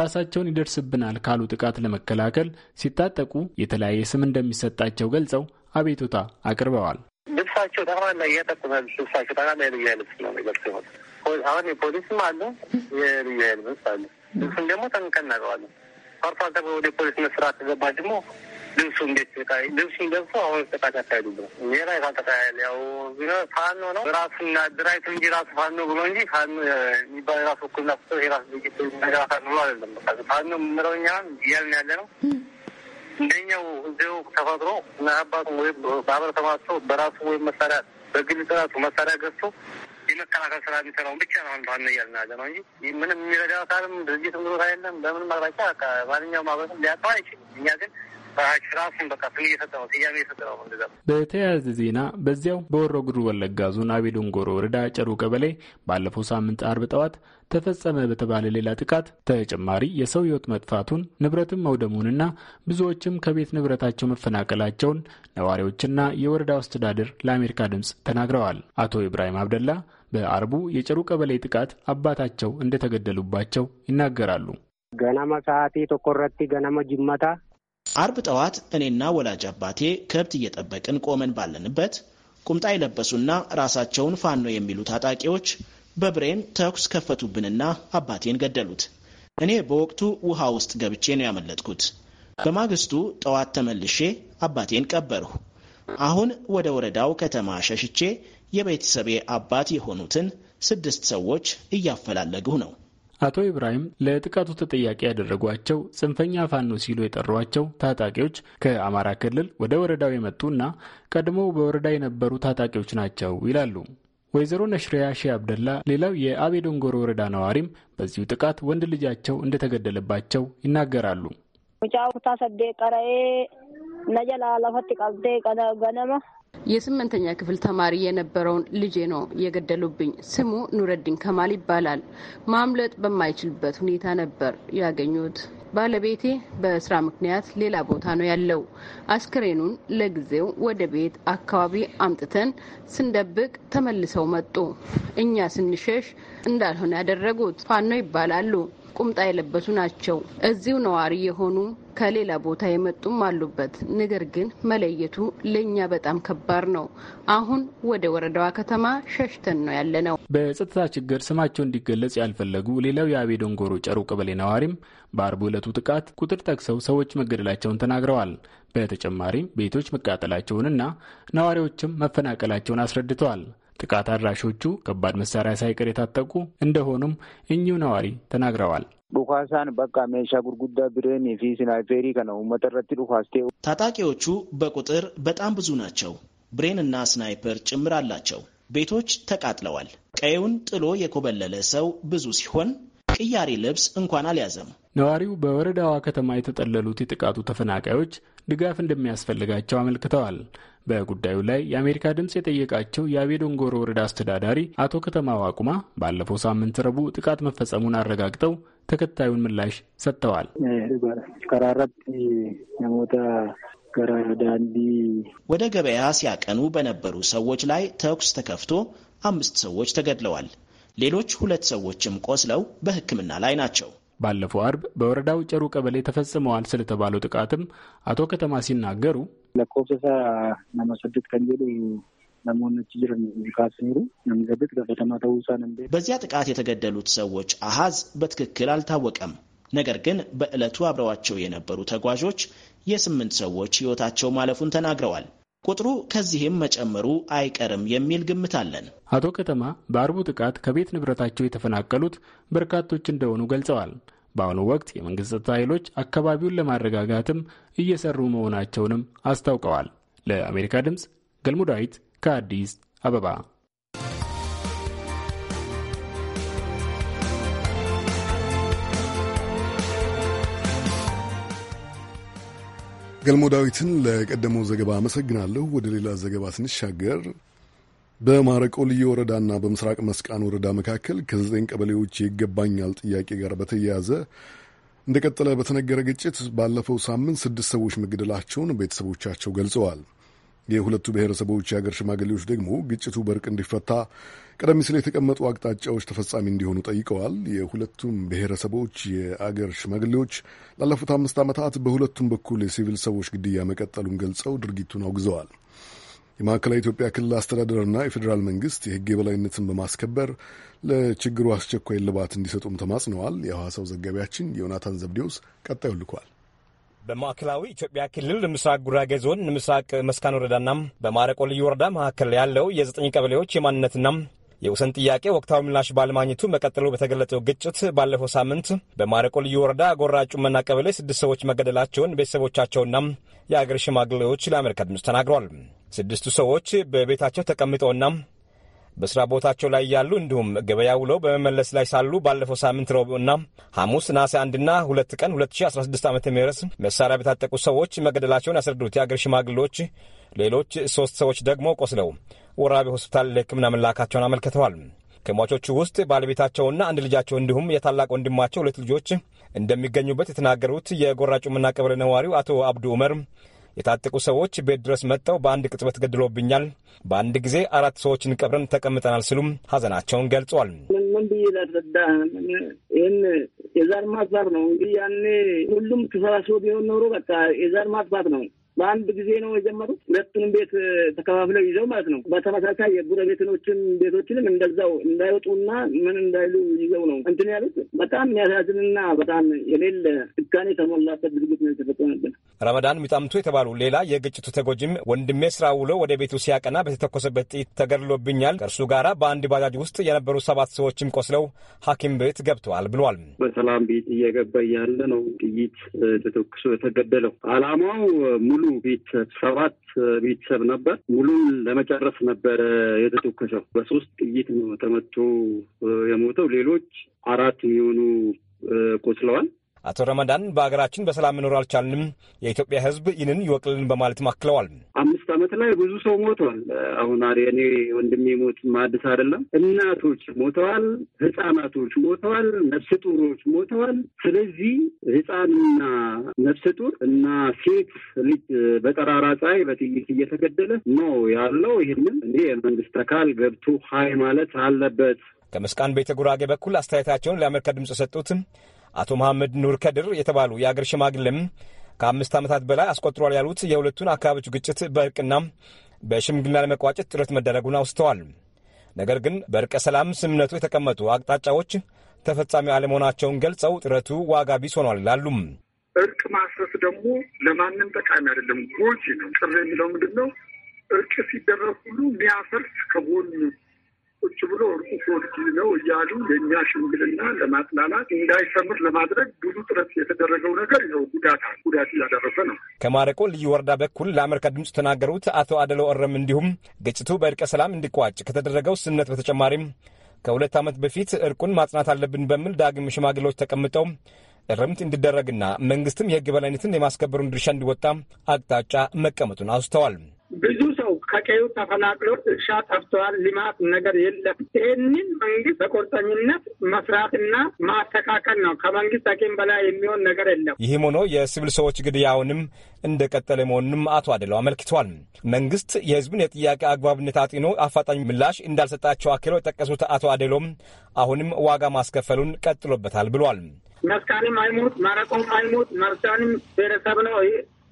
ራሳቸውን ይደርስብናል ካሉ ጥቃት ለመከላከል ሲታጠቁ የተለያየ ስም እንደሚሰጣቸው ገልጸው አቤቱታ አቅርበዋል። ልብሳቸው ጠቅላላ እያጠቁታል። ልብሳቸው ጠቅላላ የልዩ ልብስ ነው የሚለብሱ አሁን የፖሊስም አለ የልዩ ልብስ አለ። ልብስም ደግሞ ጠንቀን እናውቀዋለን። አልፎ አልፎ ወደ ፖሊስ መስራት ገባ ደግሞ ልብሱ እንዴት ጥቃይ ልብሱን ለብሶ አሁን ጥቃት ያካሄዱበት ሌላ የታጠቃያል ያው ፋኖ ነው ራሱና ድራይቱ እንጂ ራሱ ፋኖ ብሎ እንጂ ፋኖ የሚባል ራሱ እኩልና ስሰብ የራሱ ድርጅት ነገር ብሎ አይደለም። ፋኖ የምንለው እኛ እያልን ያለ ነው። እንደኛው እዚው ተፈጥሮ እና አባቱ ወይም በአብረ በራሱ ወይም መሳሪያ በግል ጥራቱ መሳሪያ ገዝቶ የመከላከል ስራ የሚሰራውን ብቻ ነው ፋኖ እያልን ያለ ነው እንጂ ምንም የሚረዳ አካልም ድርጅት ምሮት አይደለም። በምንም አቅጣጫ ማንኛውም ማበረሰብ ሊያጠዋ አይችልም። እኛ ግን በተያያዘ ዜና በዚያው በወሮ ጉድሩ ወለጋ ዞን አቤ ዶንጎሮ ወረዳ ጨሩ ቀበሌ ባለፈው ሳምንት አርብ ጠዋት ተፈጸመ በተባለ ሌላ ጥቃት ተጨማሪ የሰው ሕይወት መጥፋቱን ንብረትም መውደሙንና ብዙዎችም ከቤት ንብረታቸው መፈናቀላቸውን ነዋሪዎችና የወረዳው አስተዳደር ለአሜሪካ ድምፅ ተናግረዋል። አቶ ኢብራሂም አብደላ በአርቡ የጨሩ ቀበሌ ጥቃት አባታቸው እንደተገደሉባቸው ይናገራሉ። ገናማ ሰዓቲ ቶኮረቲ ገናማ ጅመታ አርብ ጠዋት እኔና ወላጅ አባቴ ከብት እየጠበቅን ቆመን ባለንበት ቁምጣ የለበሱና ራሳቸውን ፋኖ የሚሉ ታጣቂዎች በብሬን ተኩስ ከፈቱብንና አባቴን ገደሉት። እኔ በወቅቱ ውሃ ውስጥ ገብቼ ነው ያመለጥኩት። በማግስቱ ጠዋት ተመልሼ አባቴን ቀበርሁ። አሁን ወደ ወረዳው ከተማ ሸሽቼ የቤተሰቤ አባት የሆኑትን ስድስት ሰዎች እያፈላለግሁ ነው። አቶ ኢብራሂም ለጥቃቱ ተጠያቂ ያደረጓቸው ጽንፈኛ ፋኖ ሲሉ የጠሯቸው ታጣቂዎች ከአማራ ክልል ወደ ወረዳው የመጡና ቀድሞ በወረዳ የነበሩ ታጣቂዎች ናቸው ይላሉ። ወይዘሮ ነሽሪያ ሼህ አብደላ ሌላው የአቤዶንጎሮ ወረዳ ነዋሪም በዚሁ ጥቃት ወንድ ልጃቸው እንደተገደለባቸው ይናገራሉ። ሙጫ ኩታ ሰዴ ቀረኤ ነጀላ ለፈት ቀብዴ ገነማ የስምንተኛ ክፍል ተማሪ የነበረውን ልጄ ነው የገደሉብኝ። ስሙ ኑረዲን ከማል ይባላል። ማምለጥ በማይችልበት ሁኔታ ነበር ያገኙት። ባለቤቴ በስራ ምክንያት ሌላ ቦታ ነው ያለው። አስክሬኑን ለጊዜው ወደ ቤት አካባቢ አምጥተን ስንደብቅ ተመልሰው መጡ። እኛ ስንሸሽ እንዳልሆነ ያደረጉት ፋኖ ይባላሉ። ቁምጣ የለበሱ ናቸው። እዚሁ ነዋሪ የሆኑ ከሌላ ቦታ የመጡም አሉበት። ነገር ግን መለየቱ ለእኛ በጣም ከባድ ነው። አሁን ወደ ወረዳዋ ከተማ ሸሽተን ነው ያለ ነው። በጸጥታ ችግር ስማቸው እንዲገለጽ ያልፈለጉ ሌላው የአቤ ዶንጎሮ ጨሩ ቀበሌ ነዋሪም በአርብ ዕለቱ ጥቃት ቁጥር ጠቅሰው ሰዎች መገደላቸውን ተናግረዋል። በተጨማሪም ቤቶች መቃጠላቸውንና ነዋሪዎችም መፈናቀላቸውን አስረድተዋል። ጥቃት አድራሾቹ ከባድ መሳሪያ ሳይቀር የታጠቁ እንደሆኑም እኚሁ ነዋሪ ተናግረዋል። ዱካሳን በቃ ሜሻ ጉርጉዳ ብሬን ፊ ስናይፔሪ ከነ ኡመተ ታጣቂዎቹ በቁጥር በጣም ብዙ ናቸው። ብሬንና ስናይፐር ጭምር አላቸው። ቤቶች ተቃጥለዋል። ቀዩን ጥሎ የኮበለለ ሰው ብዙ ሲሆን ቅያሪ ልብስ እንኳን አልያዘም። ነዋሪው በወረዳዋ ከተማ የተጠለሉት የጥቃቱ ተፈናቃዮች ድጋፍ እንደሚያስፈልጋቸው አመልክተዋል። በጉዳዩ ላይ የአሜሪካ ድምፅ የጠየቃቸው የአቤዶንጎሮ ወረዳ አስተዳዳሪ አቶ ከተማው አቁማ ባለፈው ሳምንት ረቡዕ ጥቃት መፈጸሙን አረጋግጠው ተከታዩን ምላሽ ሰጥተዋል። ወደ ገበያ ሲያቀኑ በነበሩ ሰዎች ላይ ተኩስ ተከፍቶ አምስት ሰዎች ተገድለዋል። ሌሎች ሁለት ሰዎችም ቆስለው በሕክምና ላይ ናቸው። ባለፈው አርብ በወረዳው ጨሩ ቀበሌ ተፈጽመዋል ስለተባለው ጥቃትም አቶ ከተማ ሲናገሩ ለኮብሰሳ ነመሰድት ከንጀ በዚያ ጥቃት የተገደሉት ሰዎች አሃዝ በትክክል አልታወቀም። ነገር ግን በዕለቱ አብረዋቸው የነበሩ ተጓዦች የስምንት ሰዎች ሕይወታቸው ማለፉን ተናግረዋል። ቁጥሩ ከዚህም መጨመሩ አይቀርም የሚል ግምት አለን። አቶ ከተማ በአርቡ ጥቃት ከቤት ንብረታቸው የተፈናቀሉት በርካቶች እንደሆኑ ገልጸዋል። በአሁኑ ወቅት የመንግስት ጸጥታ ኃይሎች አካባቢውን ለማረጋጋትም እየሰሩ መሆናቸውንም አስታውቀዋል። ለአሜሪካ ድምፅ ገልሙ ዳዊት ከአዲስ አበባ ገልሞ ዳዊትን ለቀደመው ዘገባ አመሰግናለሁ። ወደ ሌላ ዘገባ ስንሻገር በማረቆ ልዩ ወረዳና በምስራቅ መስቃን ወረዳ መካከል ከዘጠኝ ቀበሌዎች ይገባኛል ጥያቄ ጋር በተያያዘ እንደቀጠለ በተነገረ ግጭት ባለፈው ሳምንት ስድስት ሰዎች መገደላቸውን ቤተሰቦቻቸው ገልጸዋል። የሁለቱ ብሔረሰቦች የሀገር ሽማግሌዎች ደግሞ ግጭቱ በርቅ እንዲፈታ ቀደም ሲል የተቀመጡ አቅጣጫዎች ተፈጻሚ እንዲሆኑ ጠይቀዋል። የሁለቱም ብሔረሰቦች የአገር ሽማግሌዎች ላለፉት አምስት ዓመታት በሁለቱም በኩል የሲቪል ሰዎች ግድያ መቀጠሉን ገልጸው ድርጊቱን አውግዘዋል። የማዕከላዊ ኢትዮጵያ ክልል አስተዳደርና የፌዴራል መንግስት የህግ የበላይነትን በማስከበር ለችግሩ አስቸኳይ ልባት እንዲሰጡም ተማጽነዋል። የሐዋሳው ዘጋቢያችን ዮናታን ዘብዴውስ ቀጣዩ ልኳል። በማዕከላዊ ኢትዮጵያ ክልል ምስራቅ ጉራጌ ዞን ምስራቅ መስካን ወረዳና በማረቆ ልዩ ወረዳ መካከል ያለው የዘጠኝ ቀበሌዎች የማንነትና የውሰን ጥያቄ ወቅታዊ ምላሽ ባለማግኘቱ መቀጠሉ በተገለጸው ግጭት ባለፈው ሳምንት በማረቆ ልዩ ወረዳ ጎራ ጩመና ቀበሌ ስድስት ሰዎች መገደላቸውን ቤተሰቦቻቸውና የአገር ሽማግሌዎች ለአሜሪካ ድምፅ ተናግረዋል። ስድስቱ ሰዎች በቤታቸው ተቀምጠውና በስራ ቦታቸው ላይ ያሉ እንዲሁም ገበያ ውለው በመመለስ ላይ ሳሉ ባለፈው ሳምንት ረቡዕና ሐሙስ ነሐሴ አንድና ሁለት ቀን 2016 ዓ ም መሳሪያ በታጠቁ ሰዎች መገደላቸውን ያስረዱት የአገር ሽማግሌዎች ሌሎች ሶስት ሰዎች ደግሞ ቆስለው ወራቤ ሆስፒታል ለሕክምና መላካቸውን አመልክተዋል። ከሟቾቹ ውስጥ ባለቤታቸውና አንድ ልጃቸው እንዲሁም የታላቅ ወንድማቸው ሁለት ልጆች እንደሚገኙበት የተናገሩት የጎራ ጩምና ቀበሌ ነዋሪው አቶ አብዱ ዑመር የታጠቁ ሰዎች ቤት ድረስ መጥተው በአንድ ቅጽበት ገድሎብኛል፣ በአንድ ጊዜ አራት ሰዎችን ቀብረን ተቀምጠናል ሲሉም ሀዘናቸውን ገልጿል። ምን ብዬ ላስረዳ? ይህን የዛር ማጥፋት ነው እንግዲህ ያኔ ሁሉም ተሰባስቦ ቢሆን ኖሮ በቃ የዛር ማጥፋት ነው በአንድ ጊዜ ነው የጀመሩት። ሁለቱንም ቤት ተከፋፍለው ይዘው ማለት ነው። በተመሳሳይ የጉረቤትኖችን ቤቶችንም እንደዛው እንዳይወጡና ምን እንዳይሉ ይዘው ነው እንትን ያሉት። በጣም የሚያሳዝንና በጣም የሌለ ጭካኔ የተሞላበት ድርጊት ነው የተፈጸመብን። ረመዳን ሚጣምቱ የተባሉ ሌላ የግጭቱ ተጎጂም ወንድሜ ስራ ውሎ ወደ ቤቱ ሲያቀና በተተኮሰበት ጥይት ተገድሎብኛል። ከእርሱ ጋራ በአንድ ባጃጅ ውስጥ የነበሩ ሰባት ሰዎችም ቆስለው ሐኪም ቤት ገብተዋል ብሏል። በሰላም ቤት እየገባ እያለ ነው ጥይት ተተኩሶ የተገደለው። አላማው ሙሉ ቤተሰብ ሰባት ቤተሰብ ነበር። ሙሉን ለመጨረስ ነበረ የተተኮሰው። በሶስት ጥይት ነው ተመቶ የሞተው። ሌሎች አራት የሚሆኑ ቆስለዋል። አቶ ረመዳን በሀገራችን በሰላም መኖር አልቻልንም፣ የኢትዮጵያ ሕዝብ ይህንን ይወቅልን በማለት አክለዋል። አምስት ዓመት ላይ ብዙ ሰው ሞተዋል። አሁን አሬ እኔ ወንድሜ ሞት ማድስ አይደለም። እናቶች ሞተዋል፣ ህጻናቶች ሞተዋል፣ ነፍሰ ጡሮች ሞተዋል። ስለዚህ ህጻንና ነፍሰ ጡር እና ሴት ልጅ በጠራራ ፀሐይ በጥይት እየተገደለ ነው ያለው። ይህንን እኔ የመንግስት አካል ገብቶ ሀይ ማለት አለበት። ከመስቃን ቤተ ጉራጌ በኩል አስተያየታቸውን ለአሜሪካ ድምፅ የሰጡት አቶ መሐመድ ኑር ከድር የተባሉ የአገር ሽማግሌም ከአምስት ዓመታት በላይ አስቆጥሯል ያሉት የሁለቱን አካባቢዎች ግጭት በእርቅና በሽምግልና ለመቋጨት ጥረት መደረጉን አውስተዋል። ነገር ግን በእርቀ ሰላም ስምምነቱ የተቀመጡ አቅጣጫዎች ተፈጻሚ አለመሆናቸውን ገልጸው ጥረቱ ዋጋ ቢስ ሆኗል ይላሉም። እርቅ ማስረስ ደግሞ ለማንም ጠቃሚ አይደለም፣ ጎጂ ነው። ጥር የሚለው ምንድን ነው? እርቅ ሲደረግ ሁሉ የሚያፈርስ ከጎኑ ቁጭ ብሎ እርቁ ፖሊሲ ነው እያሉ የእኛ ሽምግልና ለማጥላላት እንዳይሰምር ለማድረግ ብዙ ጥረት የተደረገው ነገር ይኸው ጉዳት ጉዳት እያደረሰ ነው። ከማረቆ ልዩ ወረዳ በኩል ለአሜሪካ ድምፅ ተናገሩት አቶ አደለው እረም እንዲሁም ግጭቱ በእርቀ ሰላም እንዲቋጭ ከተደረገው ስነት በተጨማሪም ከሁለት ዓመት በፊት እርቁን ማጽናት አለብን በሚል ዳግም ሽማግሌዎች ተቀምጠው እርምት እንዲደረግና መንግስትም የህግ በላይነትን የማስከበሩን ድርሻ እንዲወጣ አቅጣጫ መቀመጡን አውስተዋል። ብዙ ሰው ከቀዩ ተፈናቅሎ እርሻ ጠፍተዋል። ልማት ነገር የለም። ይህንን መንግስት በቁርጠኝነት መስራትና ማስተካከል ነው። ከመንግስት አቅም በላይ የሚሆን ነገር የለም። ይህም ሆኖ የሲቪል ሰዎች ግድያውንም እንደቀጠለ መሆኑንም አቶ አደለው አመልክቷል። መንግስት የህዝብን የጥያቄ አግባብነት አጢኖ አፋጣኝ ምላሽ እንዳልሰጣቸው አክለው የጠቀሱት አቶ አደሎም አሁንም ዋጋ ማስከፈሉን ቀጥሎበታል ብሏል። መስካንም አይሙት ማረቆም አይሙት መርሳንም ብሔረሰብ ነው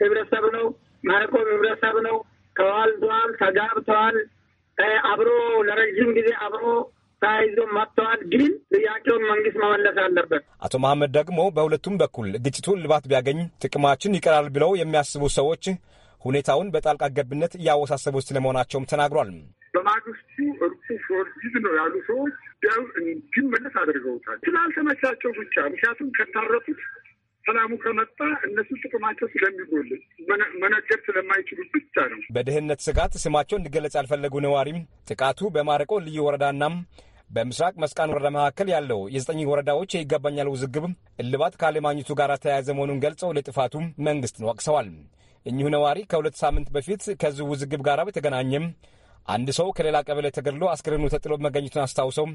ህብረተሰብ ነው ማረቆም ህብረተሰብ ነው ተዋልዷል፣ ተጋብተዋል፣ አብሮ ለረዥም ጊዜ አብሮ ተያይዞ መጥተዋል። ግን ጥያቄውን መንግስት መመለስ አለበት። አቶ መሐመድ ደግሞ በሁለቱም በኩል ግጭቱን ልባት ቢያገኝ ጥቅማችን ይቀራል ብለው የሚያስቡ ሰዎች ሁኔታውን በጣልቃ ገብነት እያወሳሰቡ ስለመሆናቸውም ተናግሯል። በማግስቱ እርሱ ፎርጅድ ነው ያሉ ሰዎች ግን መለስ አድርገውታል ስላልተመቻቸው ብቻ ምክንያቱም ከታረፉት ሰላሙ ከመጣ እነሱ ጥቅማቸው ስለሚጎልል መነገር ስለማይችሉ ብቻ ነው። በደህንነት ስጋት ስማቸው እንዲገለጽ ያልፈለጉ ነዋሪም ጥቃቱ በማረቆ ልዩ ወረዳናም በምስራቅ መስቃን ወረዳ መካከል ያለው የዘጠኝ ወረዳዎች የይገባኛል ውዝግብ እልባት ካለማግኘቱ ጋር ተያያዘ መሆኑን ገልጸው ለጥፋቱ መንግስትን ወቅሰዋል። እኚሁ ነዋሪ ከሁለት ሳምንት በፊት ከዚሁ ውዝግብ ጋር በተገናኘም አንድ ሰው ከሌላ ቀበሌ ተገድሎ አስክሬኑ ተጥሎ መገኘቱን አስታውሰው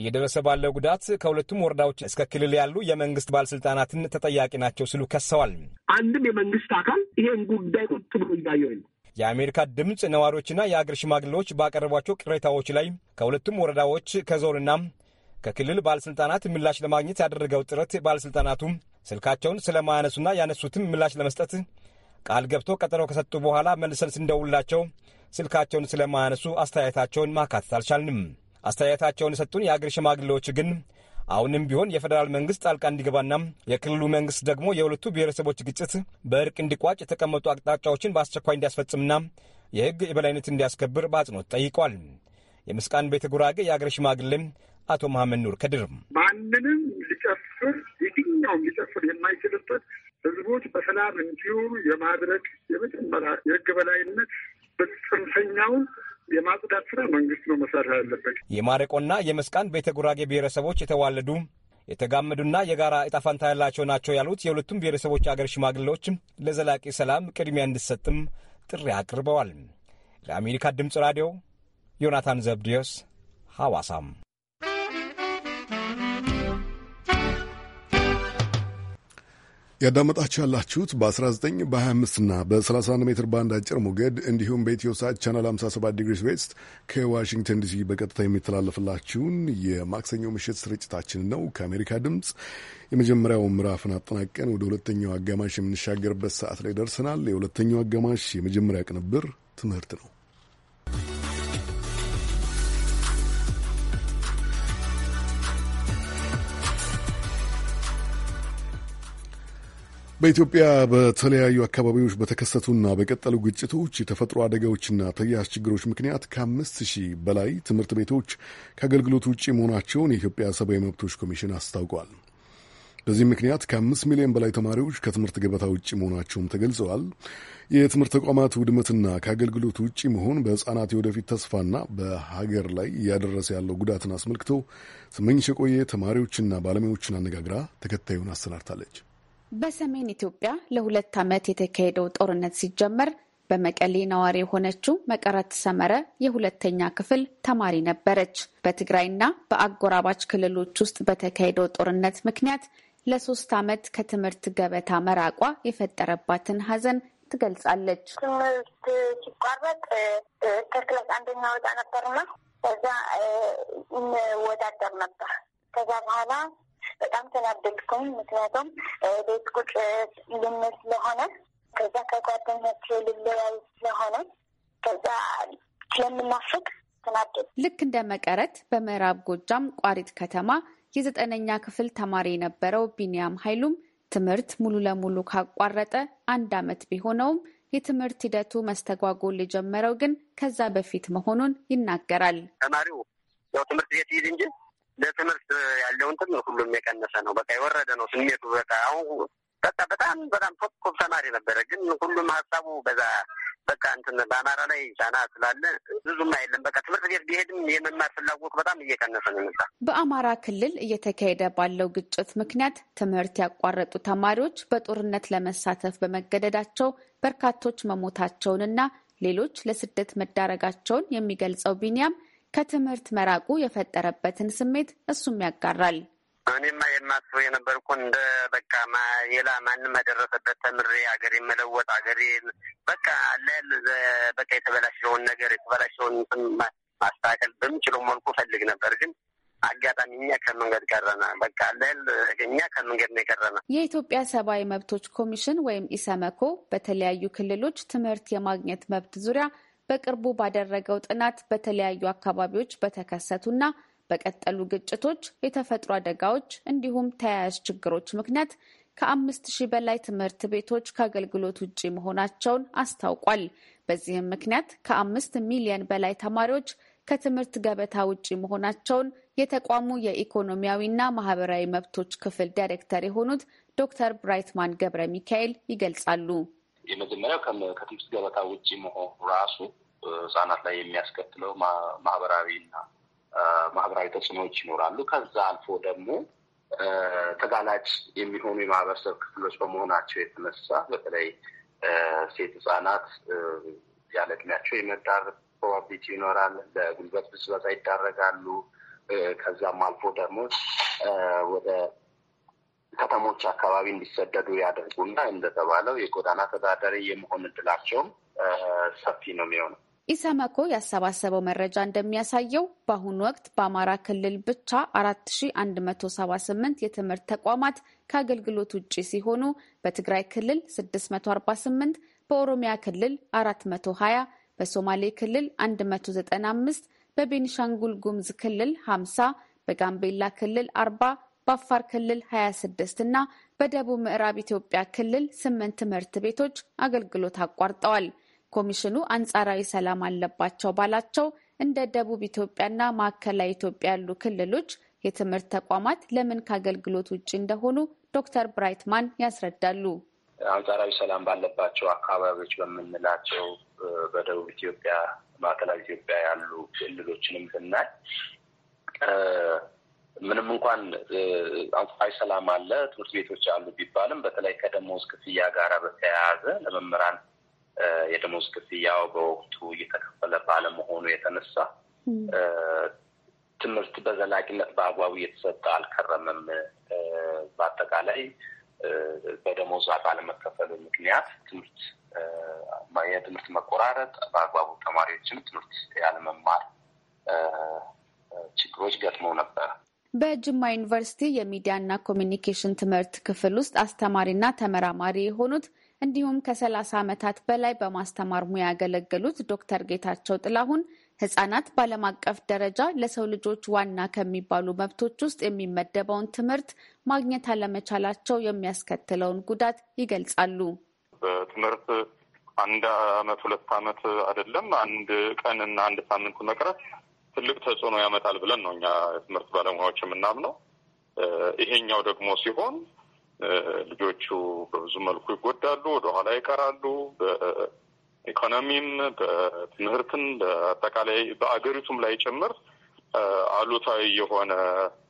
እየደረሰ ባለው ጉዳት ከሁለቱም ወረዳዎች እስከ ክልል ያሉ የመንግስት ባለስልጣናትን ተጠያቂ ናቸው ሲሉ ከሰዋል። አንድም የመንግስት አካል ይሄን ጉዳይ ቁጭ ብሎ እያየው የአሜሪካ ድምፅ ነዋሪዎችና የአገር ሽማግሌዎች ባቀረቧቸው ቅሬታዎች ላይ ከሁለቱም ወረዳዎች ከዞንና ከክልል ባለስልጣናት ምላሽ ለማግኘት ያደረገው ጥረት ባለስልጣናቱ ስልካቸውን ስለማያነሱና ያነሱትም ምላሽ ለመስጠት ቃል ገብቶ ቀጠሮ ከሰጡ በኋላ መልሰን ስንደውላቸው ስልካቸውን ስለማያነሱ አስተያየታቸውን ማካተት አልቻልንም። አስተያየታቸውን የሰጡን የአገር ሽማግሌዎች ግን አሁንም ቢሆን የፌዴራል መንግስት ጣልቃ እንዲገባና የክልሉ መንግስት ደግሞ የሁለቱ ብሔረሰቦች ግጭት በእርቅ እንዲቋጭ የተቀመጡ አቅጣጫዎችን በአስቸኳይ እንዲያስፈጽምና የህግ የበላይነት እንዲያስከብር በአጽንኦት ጠይቋል። የምስቃን ቤተ ጉራጌ የአገር ሽማግሌ አቶ መሐመድ ኑር ከድር ማንንም ሊጨፍር የትኛውም ሊጨፍር የማይችልበት ህዝቦች በሰላም እንዲሆኑ የማድረግ የመጀመሪያ የህግ በላይነት በጽንፈኛውን የማጽዳት ስራ መንግስት ነው መሰራት ያለበት። የማረቆና የመስቃን ቤተ ጉራጌ ብሔረሰቦች የተዋለዱ የተጋመዱና የጋራ እጣፋንታ ያላቸው ናቸው ያሉት የሁለቱም ብሔረሰቦች አገር ሽማግሌዎች ለዘላቂ ሰላም ቅድሚያ እንዲሰጥም ጥሪ አቅርበዋል። ለአሜሪካ ድምፅ ራዲዮ ዮናታን ዘብዲዮስ ሐዋሳም ያዳመጣችሁ ያላችሁት በ19 በ25 እና በ31 ሜትር ባንድ አጭር ሞገድ እንዲሁም በኢትዮ ሳት ቻናል 57 ዲግሪስ ዌስት ከዋሽንግተን ዲሲ በቀጥታ የሚተላለፍላችሁን የማክሰኞ ምሽት ስርጭታችን ነው። ከአሜሪካ ድምፅ የመጀመሪያው ምዕራፍን አጠናቀን ወደ ሁለተኛው አጋማሽ የምንሻገርበት ሰዓት ላይ ደርሰናል። የሁለተኛው አጋማሽ የመጀመሪያ ቅንብር ትምህርት ነው። በኢትዮጵያ በተለያዩ አካባቢዎች በተከሰቱና በቀጠሉ ግጭቶች የተፈጥሮ አደጋዎችና ተያያዥ ችግሮች ምክንያት ከአምስት ሺህ በላይ ትምህርት ቤቶች ከአገልግሎት ውጭ መሆናቸውን የኢትዮጵያ ሰብአዊ መብቶች ኮሚሽን አስታውቋል። በዚህም ምክንያት ከአምስት ሚሊዮን በላይ ተማሪዎች ከትምህርት ገበታ ውጭ መሆናቸውም ተገልጸዋል። የትምህርት ተቋማት ውድመትና ከአገልግሎት ውጭ መሆን በሕፃናት የወደፊት ተስፋና በሀገር ላይ እያደረሰ ያለው ጉዳትን አስመልክቶ ስመኝሽ የቆየ ተማሪዎችና ባለሙያዎችን አነጋግራ ተከታዩን አሰናድታለች። በሰሜን ኢትዮጵያ ለሁለት ዓመት የተካሄደው ጦርነት ሲጀመር በመቀሌ ነዋሪ የሆነችው መቀረት ሰመረ የሁለተኛ ክፍል ተማሪ ነበረች። በትግራይና በአጎራባች ክልሎች ውስጥ በተካሄደው ጦርነት ምክንያት ለሶስት ዓመት ከትምህርት ገበታ መራቋ የፈጠረባትን ሐዘን ትገልጻለች። ትምህርት ሲቋረጥ ከክላስ አንደኛ ወጣ ነበርና ከዛ እንወዳደር ነበር ከዛ በኋላ በጣም ተናደድኩኝ። ምክንያቱም ቤት ቁጭ ልምል ስለሆነ ከዛ ከጓደኞች ልለያይ ስለሆነ ከዛ ስለምናፍቅ ተናደድ ልክ እንደ መቀረት በምዕራብ ጎጃም ቋሪት ከተማ የዘጠነኛ ክፍል ተማሪ የነበረው ቢኒያም ኃይሉም ትምህርት ሙሉ ለሙሉ ካቋረጠ አንድ ዓመት ቢሆነውም የትምህርት ሂደቱ መስተጓጎል የጀመረው ግን ከዛ በፊት መሆኑን ይናገራል። ተማሪው ያው ትምህርት ቤት ይይዝ እንጂ ለትምህርት ያለው እንትን ሁሉም የቀነሰ ነው። በቃ የወረደ ነው ስሜቱ። በቃ አሁን በቃ በጣም በጣም ኮብ ተማሪ ነበረ፣ ግን ሁሉም ሀሳቡ በዛ በቃ እንትን በአማራ ላይ ጫና ስላለ ብዙም አይደለም። በቃ ትምህርት ቤት ቢሄድም የመማር ፍላጎት በጣም እየቀነሰ ነው የመጣ። በአማራ ክልል እየተካሄደ ባለው ግጭት ምክንያት ትምህርት ያቋረጡ ተማሪዎች በጦርነት ለመሳተፍ በመገደዳቸው በርካቶች መሞታቸውንና ሌሎች ለስደት መዳረጋቸውን የሚገልጸው ቢኒያም ከትምህርት መራቁ የፈጠረበትን ስሜት እሱም ያጋራል። እኔማ የማስበው የነበርኩ እንደ በቃ ሌላ ማንም ያደረሰበት ተምሬ ሀገር የመለወጥ ሀገር በቃ ለል በቃ የተበላሸውን ነገር የተበላሸውን ማስተካከል በምችለው መልኩ ፈልግ ነበር ግን አጋጣሚ እኛ ከመንገድ ቀረና በቃ ለል እኛ ከመንገድ ነው የቀረና። የኢትዮጵያ ሰብአዊ መብቶች ኮሚሽን ወይም ኢሰመኮ በተለያዩ ክልሎች ትምህርት የማግኘት መብት ዙሪያ በቅርቡ ባደረገው ጥናት በተለያዩ አካባቢዎች በተከሰቱና በቀጠሉ ግጭቶች፣ የተፈጥሮ አደጋዎች እንዲሁም ተያያዥ ችግሮች ምክንያት ከአምስት ሺህ በላይ ትምህርት ቤቶች ከአገልግሎት ውጪ መሆናቸውን አስታውቋል። በዚህም ምክንያት ከአምስት ሚሊዮን በላይ ተማሪዎች ከትምህርት ገበታ ውጪ መሆናቸውን የተቋሙ የኢኮኖሚያዊና ማህበራዊ መብቶች ክፍል ዳይሬክተር የሆኑት ዶክተር ብራይትማን ገብረ ሚካኤል ይገልጻሉ። የመጀመሪያው ከትምህርት ገበታ ውጭ መሆኑ ራሱ ህጻናት ላይ የሚያስከትለው ማህበራዊና ማህበራዊ ተጽዕኖዎች ይኖራሉ። ከዛ አልፎ ደግሞ ተጋላጭ የሚሆኑ የማህበረሰብ ክፍሎች በመሆናቸው የተነሳ በተለይ ሴት ህጻናት ያለ እድሜያቸው የመዳር ፕሮባቢሊቲ ይኖራል። ለጉልበት ብዝበዛ ይዳረጋሉ። ከዛም አልፎ ደግሞ ወደ ከተሞች አካባቢ እንዲሰደዱ ያደርጉና እንደተባለው የጎዳና ተዳዳሪ የመሆን እድላቸውም ሰፊ ነው የሚሆነው። ኢሰመኮ ያሰባሰበው መረጃ እንደሚያሳየው በአሁኑ ወቅት በአማራ ክልል ብቻ 4178 የትምህርት ተቋማት ከአገልግሎት ውጪ ሲሆኑ በትግራይ ክልል 648፣ በኦሮሚያ ክልል 420፣ በሶማሌ ክልል 195፣ በቤኒሻንጉል ጉምዝ ክልል 50፣ በጋምቤላ ክልል 40 በአፋር ክልል 26 እና በደቡብ ምዕራብ ኢትዮጵያ ክልል ስምንት ትምህርት ቤቶች አገልግሎት አቋርጠዋል። ኮሚሽኑ አንጻራዊ ሰላም አለባቸው ባላቸው እንደ ደቡብ ኢትዮጵያና ማዕከላዊ ኢትዮጵያ ያሉ ክልሎች የትምህርት ተቋማት ለምን ከአገልግሎት ውጭ እንደሆኑ ዶክተር ብራይትማን ያስረዳሉ። አንጻራዊ ሰላም ባለባቸው አካባቢዎች በምንላቸው በደቡብ ኢትዮጵያ፣ ማዕከላዊ ኢትዮጵያ ያሉ ክልሎችንም ብናይ ምንም እንኳን አንጻራዊ ሰላም አለ፣ ትምህርት ቤቶች አሉ ቢባልም በተለይ ከደሞዝ ክፍያ ጋር በተያያዘ ለመምህራን የደሞዝ ክፍያው በወቅቱ እየተከፈለ ባለመሆኑ የተነሳ ትምህርት በዘላቂነት በአግባቡ እየተሰጠ አልከረመም። በአጠቃላይ በደሞዝ ባለመከፈሉ ምክንያት ትምህርት የትምህርት መቆራረጥ፣ በአግባቡ ተማሪዎችም ትምህርት ያለመማር ችግሮች ገጥመው ነበር። በጅማ ዩኒቨርሲቲ የሚዲያና ኮሚኒኬሽን ትምህርት ክፍል ውስጥ አስተማሪና ተመራማሪ የሆኑት እንዲሁም ከ30 ዓመታት በላይ በማስተማር ሙያ ያገለገሉት ዶክተር ጌታቸው ጥላሁን ህጻናት በዓለም አቀፍ ደረጃ ለሰው ልጆች ዋና ከሚባሉ መብቶች ውስጥ የሚመደበውን ትምህርት ማግኘት አለመቻላቸው የሚያስከትለውን ጉዳት ይገልጻሉ። በትምህርት አንድ አመት ሁለት አመት አይደለም አንድ ቀን እና አንድ ሳምንት መቅረት ትልቅ ተጽዕኖ ያመጣል ብለን ነው እኛ ትምህርት ባለሙያዎች የምናምነው። ይሄኛው ደግሞ ሲሆን ልጆቹ በብዙ መልኩ ይጎዳሉ፣ ወደኋላ ይቀራሉ። በኢኮኖሚም፣ በትምህርትም፣ በአጠቃላይ በአገሪቱም ላይ ጭምር አሉታዊ የሆነ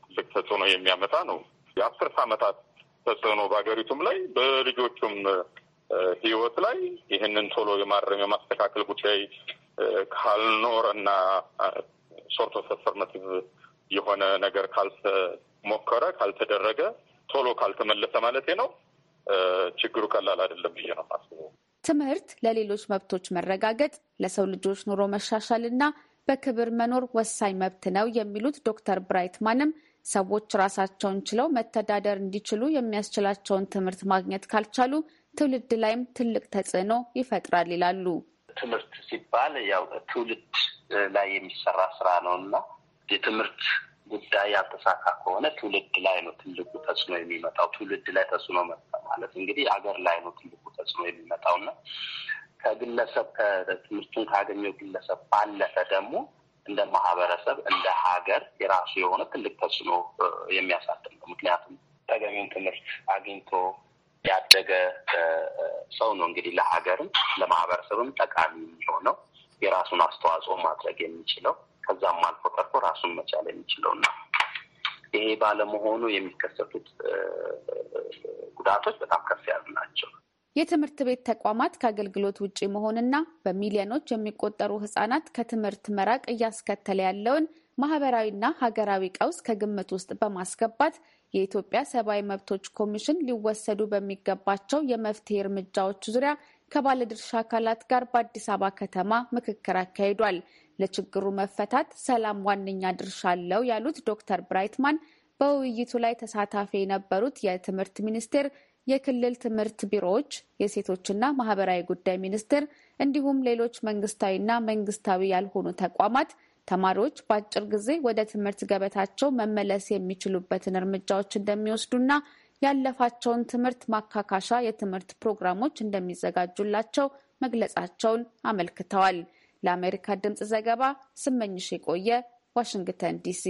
ትልቅ ተጽዕኖ የሚያመጣ ነው። የአስርት ዓመታት ተጽዕኖ በሀገሪቱም ላይ በልጆቹም ህይወት ላይ ይህንን ቶሎ የማረም የማስተካከል ጉዳይ ካልኖረ ሶርት ኦፍ አፈርማቲቭ የሆነ ነገር ካልተሞከረ ካልተደረገ ቶሎ ካልተመለሰ ማለት ነው ችግሩ ቀላል አይደለም ብዬ ነው የማስበው። ትምህርት ለሌሎች መብቶች መረጋገጥ ለሰው ልጆች ኑሮ መሻሻል ና በክብር መኖር ወሳኝ መብት ነው የሚሉት ዶክተር ብራይትማንም ሰዎች ራሳቸውን ችለው መተዳደር እንዲችሉ የሚያስችላቸውን ትምህርት ማግኘት ካልቻሉ ትውልድ ላይም ትልቅ ተጽዕኖ ይፈጥራል ይላሉ። ትምህርት ሲባል ያው ትውልድ ላይ የሚሰራ ስራ ነው እና የትምህርት ጉዳይ ያልተሳካ ከሆነ ትውልድ ላይ ነው ትልቁ ተጽዕኖ የሚመጣው። ትውልድ ላይ ተጽዕኖ መጣ ማለት እንግዲህ አገር ላይ ነው ትልቁ ተጽዕኖ የሚመጣው እና ከግለሰብ ከትምህርቱን ካገኘው ግለሰብ ባለፈ ደግሞ እንደ ማህበረሰብ እንደ ሀገር የራሱ የሆነ ትልቅ ተጽዕኖ የሚያሳድር ነው። ምክንያቱም ተገቢውን ትምህርት አግኝቶ ያደገ ሰው ነው እንግዲህ ለሀገርም ለማህበረሰብም ጠቃሚ የሚሆነው የራሱን አስተዋጽኦ ማድረግ የሚችለው ከዛም አልፎ ተርፎ ራሱን መቻል የሚችለው እና ይሄ ባለመሆኑ የሚከሰቱት ጉዳቶች በጣም ከፍ ያሉ ናቸው። የትምህርት ቤት ተቋማት ከአገልግሎት ውጪ መሆንና በሚሊዮኖች የሚቆጠሩ ህጻናት ከትምህርት መራቅ እያስከተለ ያለውን ማህበራዊና ሀገራዊ ቀውስ ከግምት ውስጥ በማስገባት የኢትዮጵያ ሰብአዊ መብቶች ኮሚሽን ሊወሰዱ በሚገባቸው የመፍትሄ እርምጃዎች ዙሪያ ከባለድርሻ አካላት ጋር በአዲስ አበባ ከተማ ምክክር አካሂዷል። ለችግሩ መፈታት ሰላም ዋነኛ ድርሻ አለው ያሉት ዶክተር ብራይትማን በውይይቱ ላይ ተሳታፊ የነበሩት የትምህርት ሚኒስቴር፣ የክልል ትምህርት ቢሮዎች፣ የሴቶችና ማህበራዊ ጉዳይ ሚኒስቴር እንዲሁም ሌሎች መንግስታዊና መንግስታዊ ያልሆኑ ተቋማት ተማሪዎች በአጭር ጊዜ ወደ ትምህርት ገበታቸው መመለስ የሚችሉበትን እርምጃዎች እንደሚወስዱና ያለፋቸውን ትምህርት ማካካሻ የትምህርት ፕሮግራሞች እንደሚዘጋጁላቸው መግለጻቸውን አመልክተዋል። ለአሜሪካ ድምፅ ዘገባ ስመኝሽ የቆየ ዋሽንግተን ዲሲ።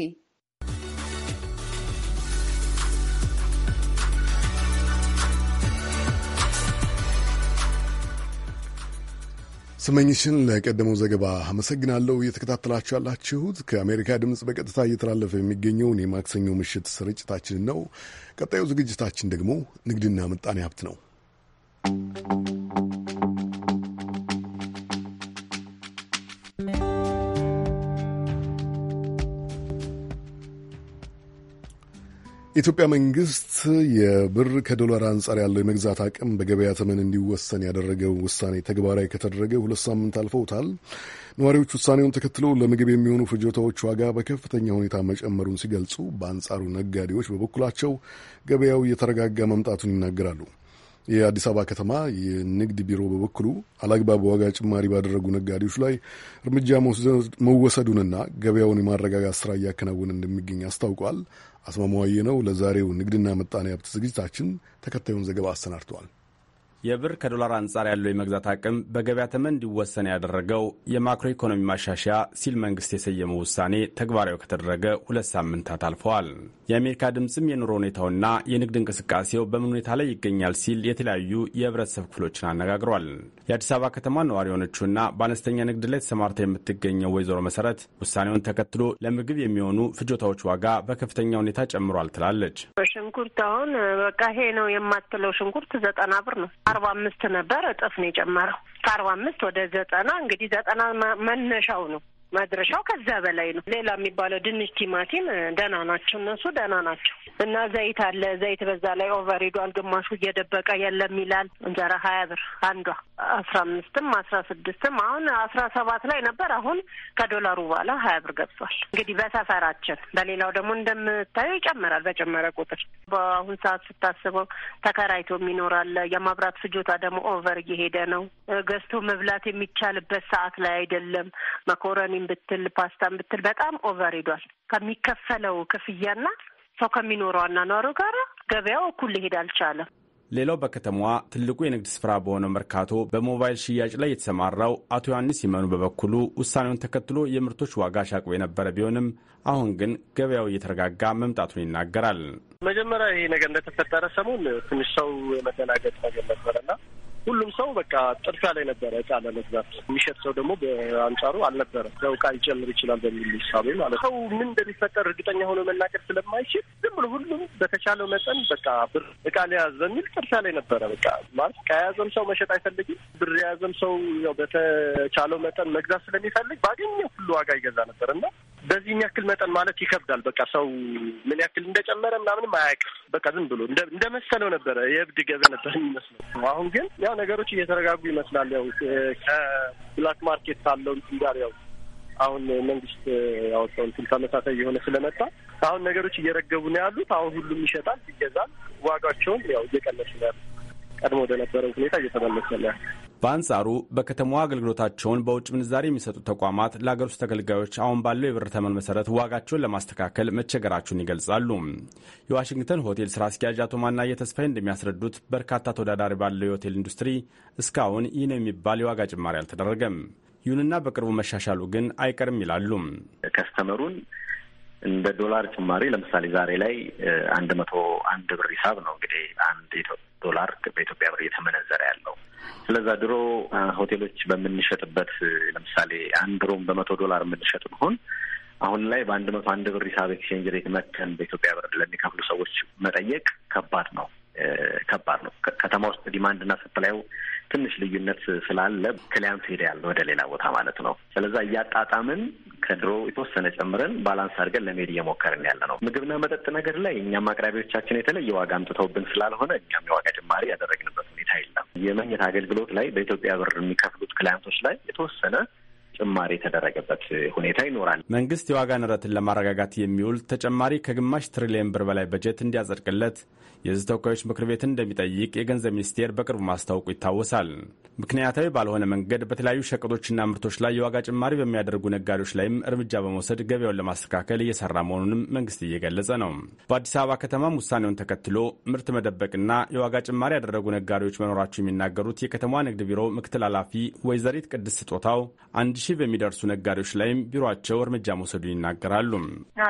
ስመኝሽን ለቀደመው ዘገባ አመሰግናለሁ። እየተከታተላችሁ ያላችሁት ከአሜሪካ ድምፅ በቀጥታ እየተላለፈ የሚገኘውን የማክሰኞ ምሽት ስርጭታችንን ነው። ቀጣዩ ዝግጅታችን ደግሞ ንግድና ምጣኔ ሀብት ነው። የኢትዮጵያ መንግስት የብር ከዶላር አንጻር ያለው የመግዛት አቅም በገበያ ተመን እንዲወሰን ያደረገው ውሳኔ ተግባራዊ ከተደረገ ሁለት ሳምንት አልፈውታል። ነዋሪዎች ውሳኔውን ተከትለው ለምግብ የሚሆኑ ፍጆታዎች ዋጋ በከፍተኛ ሁኔታ መጨመሩን ሲገልጹ፣ በአንጻሩ ነጋዴዎች በበኩላቸው ገበያው እየተረጋጋ መምጣቱን ይናገራሉ። የአዲስ አበባ ከተማ የንግድ ቢሮ በበኩሉ አላግባብ ዋጋ ጭማሪ ባደረጉ ነጋዴዎች ላይ እርምጃ መወሰዱንና ገበያውን የማረጋጋት ስራ እያከናወነ እንደሚገኝ አስታውቋል። አስማማዋዬ ነው። ለዛሬው ንግድና ምጣኔ ሀብት ዝግጅታችን ተከታዩን ዘገባ አሰናድተዋል። የብር ከዶላር አንጻር ያለው የመግዛት አቅም በገበያ ተመን እንዲወሰን ያደረገው የማክሮ ኢኮኖሚ ማሻሻያ ሲል መንግስት የሰየመው ውሳኔ ተግባራዊ ከተደረገ ሁለት ሳምንታት አልፈዋል። የአሜሪካ ድምፅም የኑሮ ሁኔታውና የንግድ እንቅስቃሴው በምን ሁኔታ ላይ ይገኛል ሲል የተለያዩ የህብረተሰብ ክፍሎችን አነጋግሯል። የአዲስ አበባ ከተማ ነዋሪ የሆነችውና በአነስተኛ ንግድ ላይ ተሰማርታ የምትገኘው ወይዘሮ መሰረት ውሳኔውን ተከትሎ ለምግብ የሚሆኑ ፍጆታዎች ዋጋ በከፍተኛ ሁኔታ ጨምሯል ትላለች። በሽንኩርት አሁን በቃ ሄ ነው የማትለው ሽንኩርት ዘጠና ብር ነው አርባ አምስት ነበር እጥፍ ነው የጨመረው። ከአርባ አምስት ወደ ዘጠና እንግዲህ ዘጠና መነሻው ነው መድረሻው ከዛ በላይ ነው። ሌላ የሚባለው ድንች፣ ቲማቲም ደህና ናቸው እነሱ ደህና ናቸው። እና ዘይት አለ ዘይት በዛ ላይ ኦቨር ሄዷል። ግማሹ እየደበቀ የለም ይላል። እንጀራ ሀያ ብር አንዷ አስራ አምስትም አስራ ስድስትም አሁን አስራ ሰባት ላይ ነበር። አሁን ከዶላሩ በኋላ ሀያ ብር ገብቷል። እንግዲህ በሰፈራችን በሌላው ደግሞ እንደምታየው ይጨምራል። በጨመረ ቁጥር በአሁን ሰዓት ስታስበው ተከራይቶ ይኖራል። የማብራት ፍጆታ ደግሞ ኦቨር እየሄደ ነው። ገዝቶ መብላት የሚቻልበት ሰዓት ላይ አይደለም። መኮረኒም ብትል ፓስታም ብትል በጣም ኦቨር ሄዷል። ከሚከፈለው ክፍያና ሰው ከሚኖረው አኗኗሩ ጋር ገበያው እኩል ሊሄድ አልቻለም። ሌላው በከተማዋ ትልቁ የንግድ ስፍራ በሆነው መርካቶ በሞባይል ሽያጭ ላይ የተሰማራው አቶ ዮሐንስ ይመኑ በበኩሉ ውሳኔውን ተከትሎ የምርቶች ዋጋ ሻቅቦ የነበረ ቢሆንም አሁን ግን ገበያው እየተረጋጋ መምጣቱን ይናገራል። መጀመሪያ ይሄ ነገር እንደተፈጠረ ሰሞን ትንሽ ሰው የመደናገጥ ነገር ነበረና ሁሉም ሰው በቃ ጥድፊያ ላይ ነበረ። እቃ ለመግዛት የሚሸጥ ሰው ደግሞ በአንጻሩ አልነበረ። ሰው እቃ ሊጨምር ይችላል በሚል ሳቤ ማለት ሰው ምን እንደሚፈጠር እርግጠኛ ሆኖ መናገር ስለማይችል ዝም ብሎ ሁሉም በተቻለው መጠን በቃ ብር እቃ ሊያዝ በሚል ጥድፊያ ላይ ነበረ። በቃ ማለት ከያዘም ሰው መሸጥ አይፈልግም፣ ብር የያዘም ሰው ያው በተቻለው መጠን መግዛት ስለሚፈልግ ባገኘ ሁሉ ዋጋ ይገዛ ነበር እና በዚህን ያክል መጠን ማለት ይከብዳል። በቃ ሰው ምን ያክል እንደጨመረ ምናምንም አያውቅም። በቃ ዝም ብሎ እንደ መሰለው ነበረ፣ የእብድ ገበያ ነበር የሚመስለው። አሁን ግን ያው ነገሮች እየተረጋጉ ይመስላል። ያው ከብላክ ማርኬት ካለው ጋር ያው አሁን መንግስት ያወጣው እንትን ተመሳሳይ የሆነ ስለመጣ አሁን ነገሮች እየረገቡ ነው ያሉት። አሁን ሁሉም ይሸጣል፣ ይገዛል። ዋጋቸውም ያው እየቀነሱ ነው ያሉት። ቀድሞ ወደነበረው ሁኔታ እየተመለሰ ነው። በአንጻሩ በከተማዋ አገልግሎታቸውን በውጭ ምንዛሪ የሚሰጡ ተቋማት ለአገር ውስጥ ተገልጋዮች አሁን ባለው የብር ተመን መሰረት ዋጋቸውን ለማስተካከል መቸገራቸውን ይገልጻሉ። የዋሽንግተን ሆቴል ስራ አስኪያጅ አቶ ማናየ ተስፋዬ እንደሚያስረዱት በርካታ ተወዳዳሪ ባለው የሆቴል ኢንዱስትሪ እስካሁን ይህ ነው የሚባል የዋጋ ጭማሪ አልተደረገም። ይሁንና በቅርቡ መሻሻሉ ግን አይቀርም ይላሉ። ከስተመሩን እንደ ዶላር ጭማሪ ለምሳሌ ዛሬ ላይ አንድ መቶ አንድ ብር ሂሳብ ነው እንግዲህ አንድ ዶላር በኢትዮጵያ ብር እየተመነዘረ ያለው። ስለዛ ድሮ ሆቴሎች በምንሸጥበት ለምሳሌ አንድ ሮም በመቶ ዶላር የምንሸጥ ብሆን አሁን ላይ በአንድ መቶ አንድ ብር ሂሳብ ኤክስቼንጅ ሬት መተን በኢትዮጵያ ብር ለሚከፍሉ ሰዎች መጠየቅ ከባድ ነው ከባድ ነው። ከተማ ውስጥ እና ሰፕላዩ ትንሽ ልዩነት ስላለ ክሊያንት ሄደ ያለ ወደ ሌላ ቦታ ማለት ነው። ስለዛ እያጣጣምን ከድሮ የተወሰነ ጨምረን ባላንስ አድርገን ለመሄድ እየሞከርን ያለ ነው። ምግብና መጠጥ ነገር ላይ እኛም አቅራቢዎቻችን የተለየ ዋጋ አምጥተውብን ስላልሆነ እኛም የዋጋ ጭማሪ ያደረግንበት ሁኔታ የለም። የመኝታ አገልግሎት ላይ በኢትዮጵያ ብር የሚከፍሉት ክሊያንቶች ላይ የተወሰነ ጭማሪ የተደረገበት ሁኔታ ይኖራል። መንግስት የዋጋ ንረትን ለማረጋጋት የሚውል ተጨማሪ ከግማሽ ትሪሊየን ብር በላይ በጀት እንዲያጸድቅለት የህዝብ ተወካዮች ምክር ቤት እንደሚጠይቅ የገንዘብ ሚኒስቴር በቅርቡ ማስታወቁ ይታወሳል። ምክንያታዊ ባልሆነ መንገድ በተለያዩ ሸቀጦችና ምርቶች ላይ የዋጋ ጭማሪ በሚያደርጉ ነጋዴዎች ላይም እርምጃ በመውሰድ ገበያውን ለማስተካከል እየሰራ መሆኑንም መንግስት እየገለጸ ነው። በአዲስ አበባ ከተማም ውሳኔውን ተከትሎ ምርት መደበቅና የዋጋ ጭማሪ ያደረጉ ነጋዴዎች መኖራቸው የሚናገሩት የከተማ ንግድ ቢሮ ምክትል ኃላፊ ወይዘሪት ቅድስት ስጦታው አንድ ሺህ በሚደርሱ ነጋዴዎች ላይም ቢሮቸው እርምጃ መውሰዱን ይናገራሉ።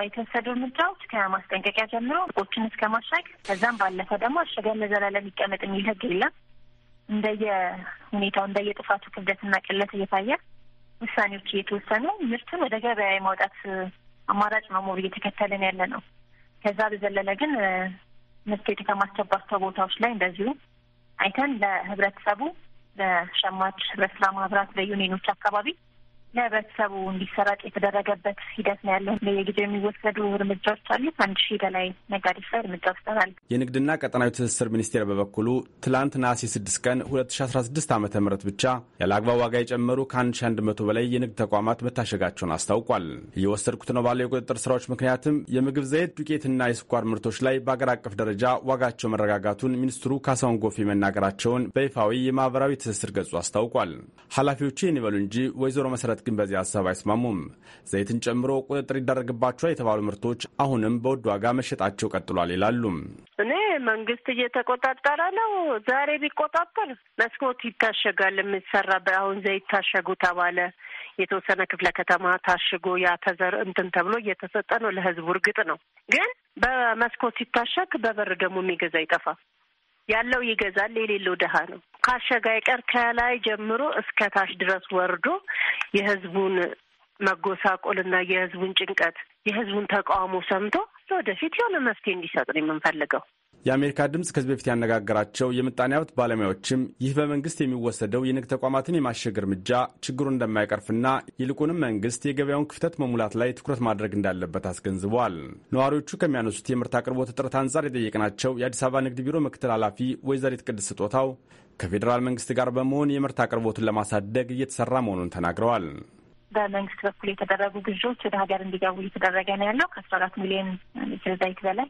የተወሰዱ እርምጃዎች ከማስጠንቀቂያ ጀምሮ ቦችን እስከ ማሻግ ከዛም ባለፈ ደግሞ አሸገን ለዘላለም ይቀመጥ የሚል ህግ የለም። እንደየ ሁኔታው እንደየ ጥፋቱ ክብደትና ቅለት እየታየ ውሳኔዎች እየተወሰኑ ምርትን ወደ ገበያ የማውጣት አማራጭ መሞር እየተከተልን ያለ ነው። ከዛ በዘለለ ግን ምርት የተከማቸባቸው ቦታዎች ላይ እንደዚሁ አይተን ለህብረተሰቡ በሸማች ህብረት ስራ ማህበራት፣ በዩኒኖች አካባቢ ለህብረተሰቡ እንዲሰራጭ የተደረገበት ሂደት ነው ያለው። የጊዜ የሚወሰዱ እርምጃዎች አሉ። አንድ ሺህ በላይ ነጋዴዎች ላይ እርምጃ ወስደናል። የንግድና ቀጠናዊ ትስስር ሚኒስቴር በበኩሉ ትላንት ነሐሴ ስድስት ቀን ሁለት ሺ አስራ ስድስት ዓመተ ምህረት ብቻ ያለ አግባብ ዋጋ የጨመሩ ከአንድ ሺ አንድ መቶ በላይ የንግድ ተቋማት መታሸጋቸውን አስታውቋል። እየወሰድኩት ነው ባለው የቁጥጥር ስራዎች ምክንያትም የምግብ ዘይት፣ ዱቄትና የስኳር ምርቶች ላይ በአገር አቀፍ ደረጃ ዋጋቸው መረጋጋቱን ሚኒስትሩ ካሳሁን ጎፌ መናገራቸውን በይፋዊ የማህበራዊ ትስስር ገጹ አስታውቋል። ኃላፊዎቹ ይበሉ እንጂ ወይዘሮ መሰረት ባለሙያነት ግን በዚህ ሀሳብ አይስማሙም። ዘይትን ጨምሮ ቁጥጥር ይደረግባቸዋል የተባሉ ምርቶች አሁንም በውድ ዋጋ መሸጣቸው ቀጥሏል ይላሉም። እኔ መንግስት እየተቆጣጠረ ነው። ዛሬ ቢቆጣጠር መስኮት ይታሸጋል የሚሰራ አሁን ዘይት ታሸጉ ተባለ። የተወሰነ ክፍለ ከተማ ታሽጎ ያተዘር እንትን ተብሎ እየተሰጠ ነው ለህዝቡ። እርግጥ ነው ግን በመስኮት ሲታሸግ በበር ደግሞ የሚገዛ ይጠፋ ያለው ይገዛል፣ የሌለው ድሀ ነው። ካሸጋ አይቀር ከላይ ጀምሮ እስከ ታች ድረስ ወርዶ የህዝቡን መጎሳቆልና የህዝቡን ጭንቀት የህዝቡን ተቃውሞ ሰምቶ ለወደፊት የሆነ መፍትሄ እንዲሰጥ ነው የምንፈልገው። የአሜሪካ ድምፅ ከዚህ በፊት ያነጋገራቸው የምጣኔ ሀብት ባለሙያዎችም ይህ በመንግስት የሚወሰደው የንግድ ተቋማትን የማሸግ እርምጃ ችግሩን እንደማይቀርፍና ይልቁንም መንግስት የገበያውን ክፍተት መሙላት ላይ ትኩረት ማድረግ እንዳለበት አስገንዝበዋል። ነዋሪዎቹ ከሚያነሱት የምርት አቅርቦት እጥረት አንጻር የጠየቅናቸው የአዲስ አበባ ንግድ ቢሮ ምክትል ኃላፊ ወይዘሪት ቅድስት ስጦታው ከፌዴራል መንግስት ጋር በመሆን የምርት አቅርቦትን ለማሳደግ እየተሰራ መሆኑን ተናግረዋል። በመንግስት በኩል የተደረጉ ግዥዎች ወደ ሀገር እንዲገቡ እየተደረገ ነው ያለው ከአስራ አራት ሚሊዮን ሊትር ዘይት በላይ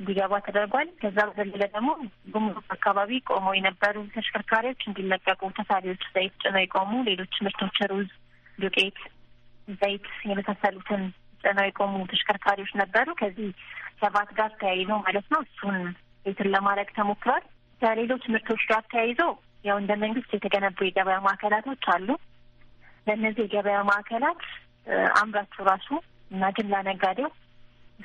እንዲገባ ተደርጓል። ከዛ በዘለለ ደግሞ ጉምሩክ አካባቢ ቆመው የነበሩ ተሽከርካሪዎች እንዲለቀቁ፣ ተሳቢዎች ዘይት ጭነው የቆሙ ሌሎች ምርቶች ሩዝ፣ ዱቄት፣ ዘይት የመሳሰሉትን ጭነው የቆሙ ተሽከርካሪዎች ነበሩ። ከዚህ ሰባት ጋር ተያይዞ ማለት ነው እሱን ቤትን ለማድረግ ተሞክሯል። ከሌሎች ምርቶች ጋር ተያይዘው ያው እንደ መንግስት የተገነቡ የገበያ ማዕከላቶች አሉ። ለእነዚህ የገበያ ማዕከላት አምራቹ ራሱ እና ጅምላ ነጋዴው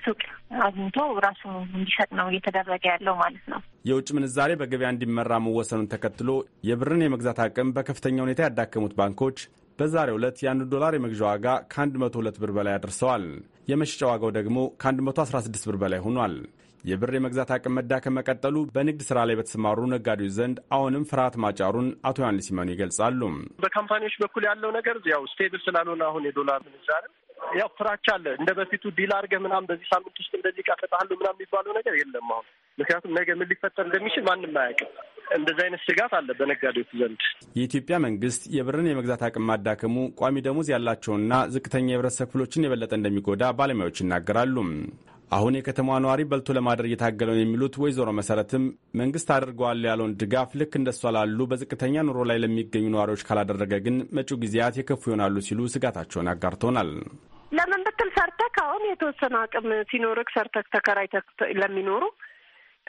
ሱቅ አግኝቶ ራሱ እንዲሸጥ ነው እየተደረገ ያለው ማለት ነው። የውጭ ምንዛሬ በገበያ እንዲመራ መወሰኑን ተከትሎ የብርን የመግዛት አቅም በከፍተኛ ሁኔታ ያዳከሙት ባንኮች በዛሬ ዕለት የአንድ ዶላር የመግዣ ዋጋ ከ102 ብር በላይ አድርሰዋል። የመሸጫ ዋጋው ደግሞ ከ116 ብር በላይ ሆኗል። የብር የመግዛት አቅም መዳከም መቀጠሉ በንግድ ስራ ላይ በተሰማሩ ነጋዴዎች ዘንድ አሁንም ፍርሃት ማጫሩን አቶ ያን ሲመኑ ይገልጻሉ። በካምፓኒዎች በኩል ያለው ነገር ያው ስቴብል ስላልሆነ አሁን የዶላር ምንዛሪ ያው ፍራቻ አለ። እንደ በፊቱ ዲል አድርገህ ምናም በዚህ ሳምንት ውስጥ እንደዚህ ቀፈጣሉ ምናም የሚባለው ነገር የለም አሁን። ምክንያቱም ነገ ምን ሊፈጠር እንደሚችል ማንም አያውቅም። እንደዚህ አይነት ስጋት አለ በነጋዴዎቹ ዘንድ። የኢትዮጵያ መንግስት የብርን የመግዛት አቅም ማዳከሙ ቋሚ ደሞዝ ያላቸውና ዝቅተኛ የህብረተሰብ ክፍሎችን የበለጠ እንደሚጎዳ ባለሙያዎች ይናገራሉ። አሁን የከተማዋ ነዋሪ በልቶ ለማደር እየታገለ ነው የሚሉት ወይዘሮ መሰረትም መንግስት አድርገዋል ያለውን ድጋፍ ልክ እንደሷ ላሉ በዝቅተኛ ኑሮ ላይ ለሚገኙ ነዋሪዎች ካላደረገ ግን መጪው ጊዜያት የከፉ ይሆናሉ ሲሉ ስጋታቸውን አጋርተውናል። ለምን ብትል ሰርተክ አሁን የተወሰነ አቅም ሲኖርክ ሰርተክ ተከራይተክ ለሚኖሩ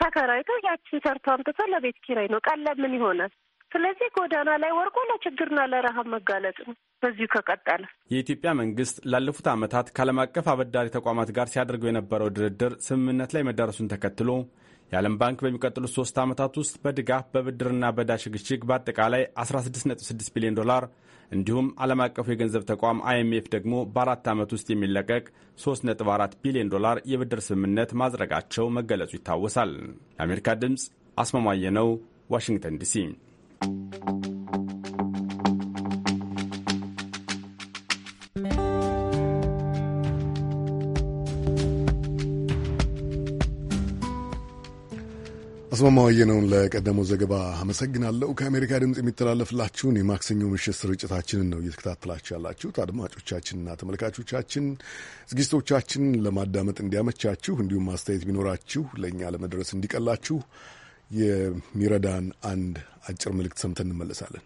ተከራይቶ ያችን ሰርቶ አምጥቶ ለቤት ኪራይ ነው ቀለብ ይሆናል? ስለዚህ ጎዳና ላይ ወርቆ ለችግርና ለረሃብ መጋለጥ ነው። በዚሁ ከቀጠለ የኢትዮጵያ መንግስት ላለፉት ዓመታት ከዓለም አቀፍ አበዳሪ ተቋማት ጋር ሲያደርገው የነበረው ድርድር ስምምነት ላይ መዳረሱን ተከትሎ የዓለም ባንክ በሚቀጥሉት ሶስት ዓመታት ውስጥ በድጋፍ በብድርና በዕዳ ሽግሽግ በአጠቃላይ 166 ቢሊዮን ዶላር እንዲሁም ዓለም አቀፉ የገንዘብ ተቋም አይኤምኤፍ ደግሞ በአራት ዓመት ውስጥ የሚለቀቅ 3.4 ቢሊዮን ዶላር የብድር ስምምነት ማዝረጋቸው መገለጹ ይታወሳል። ለአሜሪካ ድምፅ አስማማየ ነው፣ ዋሽንግተን ዲሲ። አስማማው አየነውን ለቀደመው ዘገባ አመሰግናለሁ። ከአሜሪካ ድምፅ የሚተላለፍላችሁን የማክሰኞ ምሽት ስርጭታችንን ነው እየተከታተላችሁ ያላችሁት። አድማጮቻችንና ተመልካቾቻችን ዝግጅቶቻችንን ለማዳመጥ እንዲያመቻችሁ፣ እንዲሁም አስተያየት ቢኖራችሁ ለእኛ ለመድረስ እንዲቀላችሁ የሚረዳን አንድ አጭር መልእክት ሰምተን እንመለሳለን።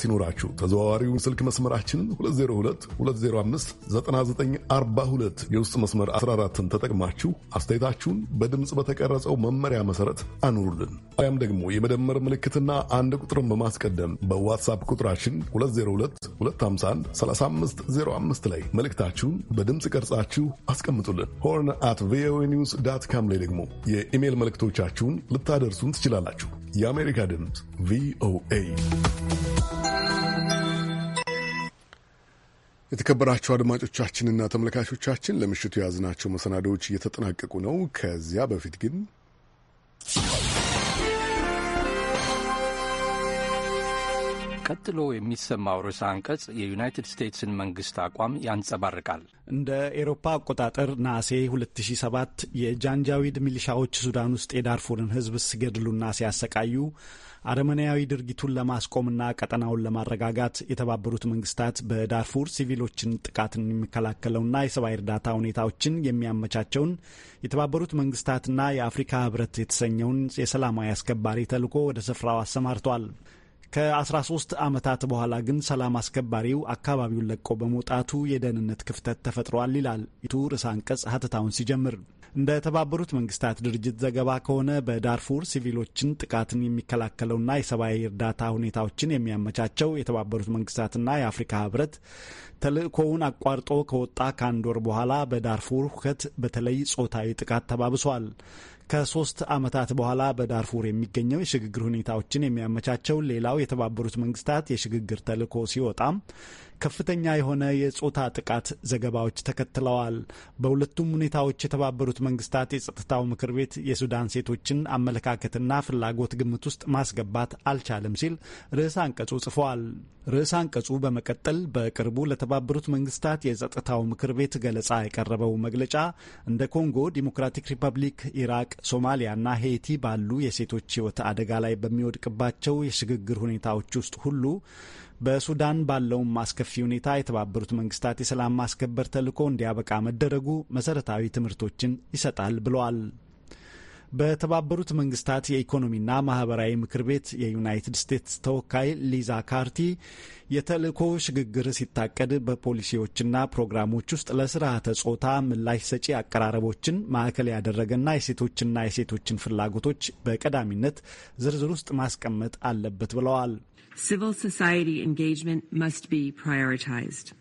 ሲኖራችሁ ተዘዋዋሪውን ስልክ መስመራችን 2022059942 የውስጥ መስመር 14ን ተጠቅማችሁ አስተያየታችሁን በድምፅ በተቀረጸው መመሪያ መሰረት አኑሩልን። ያም ደግሞ የመደመር ምልክትና አንድ ቁጥርን በማስቀደም በዋትሳፕ ቁጥራችን 2022513505 ላይ መልእክታችሁን በድምፅ ቀርጻችሁ አስቀምጡልን። ሆርን አት ቪኦኤ ኒውስ ዳት ካም ላይ ደግሞ የኢሜይል መልእክቶቻችሁን ልታደርሱን ትችላላችሁ። የአሜሪካ ድምፅ ቪኦኤ የተከበራቸው አድማጮቻችንና ተመልካቾቻችን ለምሽቱ የያዝናቸው መሰናዶዎች እየተጠናቀቁ ነው። ከዚያ በፊት ግን ቀጥሎ የሚሰማው ርዕሰ አንቀጽ የዩናይትድ ስቴትስን መንግስት አቋም ያንጸባርቃል። እንደ ኤሮፓ አቆጣጠር ነሐሴ 2007 የጃንጃዊድ ሚሊሻዎች ሱዳን ውስጥ የዳርፉርን ህዝብ ሲገድሉና ሲያሰቃዩ አረመኔያዊ ድርጊቱን ለማስቆምና ቀጠናውን ለማረጋጋት የተባበሩት መንግስታት በዳርፉር ሲቪሎችን ጥቃትን የሚከላከለውና የሰብአዊ እርዳታ ሁኔታዎችን የሚያመቻቸውን የተባበሩት መንግስታትና የአፍሪካ ህብረት የተሰኘውን የሰላማዊ አስከባሪ ተልዕኮ ወደ ስፍራው አሰማርቷል። ከ13 ዓመታት በኋላ ግን ሰላም አስከባሪው አካባቢውን ለቆ በመውጣቱ የደህንነት ክፍተት ተፈጥሯል ይላል ቱ ርዕሰ አንቀጽ ሀተታውን ሲጀምር። እንደ ተባበሩት መንግስታት ድርጅት ዘገባ ከሆነ በዳርፉር ሲቪሎችን ጥቃትን የሚከላከለውና የሰብአዊ እርዳታ ሁኔታዎችን የሚያመቻቸው የተባበሩት መንግስታትና የአፍሪካ ህብረት ተልእኮውን አቋርጦ ከወጣ ከአንድ ወር በኋላ በዳርፉር ሁከት በተለይ ጾታዊ ጥቃት ተባብሷል። ከሶስት ዓመታት በኋላ በዳርፉር የሚገኘው የሽግግር ሁኔታዎችን የሚያመቻቸው ሌላው የተባበሩት መንግስታት የሽግግር ተልዕኮ ሲወጣም ከፍተኛ የሆነ የጾታ ጥቃት ዘገባዎች ተከትለዋል። በሁለቱም ሁኔታዎች የተባበሩት መንግስታት የጸጥታው ምክር ቤት የሱዳን ሴቶችን አመለካከትና ፍላጎት ግምት ውስጥ ማስገባት አልቻለም ሲል ርዕስ አንቀጹ ጽፏል። ርዕስ አንቀጹ በመቀጠል በቅርቡ ለተባበሩት መንግስታት የጸጥታው ምክር ቤት ገለጻ የቀረበው መግለጫ እንደ ኮንጎ ዲሞክራቲክ ሪፐብሊክ፣ ኢራቅ፣ ሶማሊያና ሄይቲ ባሉ የሴቶች ህይወት አደጋ ላይ በሚወድቅባቸው የሽግግር ሁኔታዎች ውስጥ ሁሉ በሱዳን ባለውም አስከፊ ሁኔታ የተባበሩት መንግስታት የሰላም ማስከበር ተልዕኮ እንዲያበቃ መደረጉ መሰረታዊ ትምህርቶችን ይሰጣል ብለዋል። በተባበሩት መንግስታት የኢኮኖሚና ማህበራዊ ምክር ቤት የዩናይትድ ስቴትስ ተወካይ ሊዛ ካርቲ የተልእኮ ሽግግር ሲታቀድ በፖሊሲዎችና ፕሮግራሞች ውስጥ ለስርዓተ ጾታ ምላሽ ሰጪ አቀራረቦችን ማዕከል ያደረገና የሴቶችና የሴቶችን ፍላጎቶች በቀዳሚነት ዝርዝር ውስጥ ማስቀመጥ አለበት ብለዋል። Civil society engagement must be prioritized.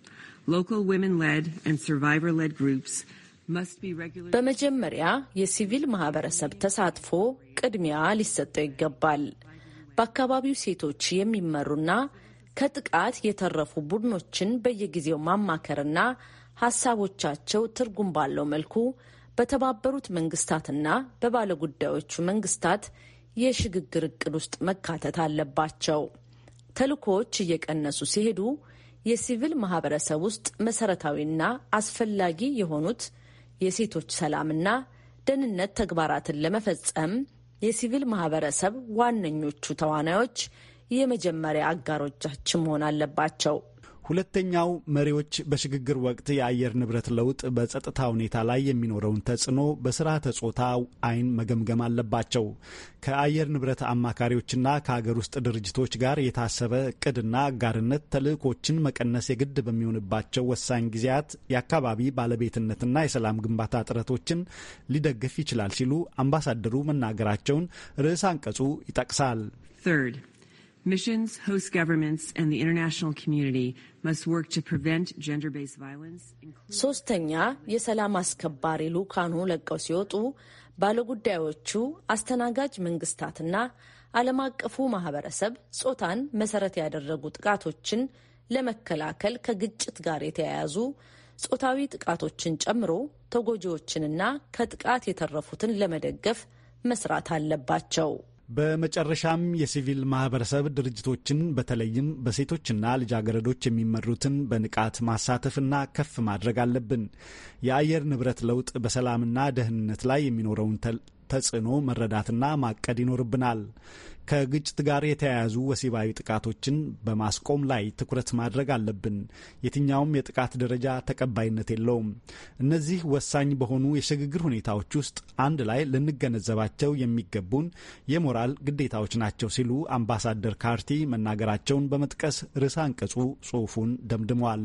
Local women-led and survivor-led groups must be በመጀመሪያ የሲቪል ማህበረሰብ ተሳትፎ ቅድሚያ ሊሰጠው ይገባል። በአካባቢው ሴቶች የሚመሩና ከጥቃት የተረፉ ቡድኖችን በየጊዜው ማማከርና ሀሳቦቻቸው ትርጉም ባለው መልኩ በተባበሩት መንግስታትና በባለጉዳዮቹ መንግስታት የሽግግር እቅድ ውስጥ መካተት አለባቸው። ተልእኮዎች እየቀነሱ ሲሄዱ የሲቪል ማህበረሰብ ውስጥ መሰረታዊና አስፈላጊ የሆኑት የሴቶች ሰላምና ደህንነት ተግባራትን ለመፈጸም የሲቪል ማህበረሰብ ዋነኞቹ ተዋናዮች የመጀመሪያ አጋሮቻችን መሆን አለባቸው። ሁለተኛው መሪዎች በሽግግር ወቅት የአየር ንብረት ለውጥ በጸጥታ ሁኔታ ላይ የሚኖረውን ተጽዕኖ በስርዓተ ጾታ አይን መገምገም አለባቸው። ከአየር ንብረት አማካሪዎችና ከሀገር ውስጥ ድርጅቶች ጋር የታሰበ እቅድና አጋርነት ተልዕኮችን መቀነስ የግድ በሚሆንባቸው ወሳኝ ጊዜያት የአካባቢ ባለቤትነትና የሰላም ግንባታ ጥረቶችን ሊደግፍ ይችላል ሲሉ አምባሳደሩ መናገራቸውን ርዕስ አንቀጹ ይጠቅሳል። Missions, host governments, and the international community must work to prevent gender-based violence. ሶስተኛ የሰላም አስከባሪ ልኡካኑ ለቀው ሲወጡ ባለጉዳዮቹ አስተናጋጅ መንግስታትና ዓለም አቀፉ ማህበረሰብ ጾታን መሰረት ያደረጉ ጥቃቶችን ለመከላከል ከግጭት ጋር የተያያዙ ጾታዊ ጥቃቶችን ጨምሮ ተጎጂዎችንና ከጥቃት የተረፉትን ለመደገፍ መስራት አለባቸው። በመጨረሻም የሲቪል ማህበረሰብ ድርጅቶችን በተለይም በሴቶችና ልጃገረዶች የሚመሩትን በንቃት ማሳተፍና ከፍ ማድረግ አለብን። የአየር ንብረት ለውጥ በሰላምና ደህንነት ላይ የሚኖረውን ተጽዕኖ መረዳትና ማቀድ ይኖርብናል። ከግጭት ጋር የተያያዙ ወሲባዊ ጥቃቶችን በማስቆም ላይ ትኩረት ማድረግ አለብን። የትኛውም የጥቃት ደረጃ ተቀባይነት የለውም። እነዚህ ወሳኝ በሆኑ የሽግግር ሁኔታዎች ውስጥ አንድ ላይ ልንገነዘባቸው የሚገቡን የሞራል ግዴታዎች ናቸው ሲሉ አምባሳደር ካርቲ መናገራቸውን በመጥቀስ ርዕሰ አንቀጹ ጽሑፉን ደምድመዋል።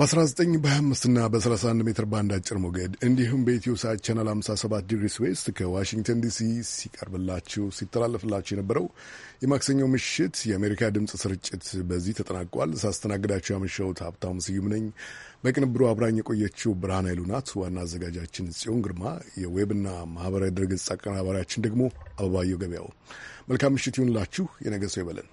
በ19 በ25 እና በ31 ሜትር ባንድ አጭር ሞገድ እንዲሁም በኢትዮ ሳት ቻናል 57 ዲግሪስ ዌስት ከዋሽንግተን ዲሲ ሲቀርብላችሁ ሲተላለፍላችሁ የነበረው የማክሰኛው ምሽት የአሜሪካ ድምፅ ስርጭት በዚህ ተጠናቋል። ሳስተናግዳችሁ ያመሸሁት ሀብታሙ ስዩም ነኝ። በቅንብሩ አብራኝ የቆየችው ብርሃን ኃይሉ ናት። ዋና አዘጋጃችን ጽዮን ግርማ፣ የዌብና ማህበራዊ ድረገጽ አቀናባሪያችን ደግሞ አበባየው ገበያው። መልካም ምሽት ይሁንላችሁ። የነገ ሰው ይበለን።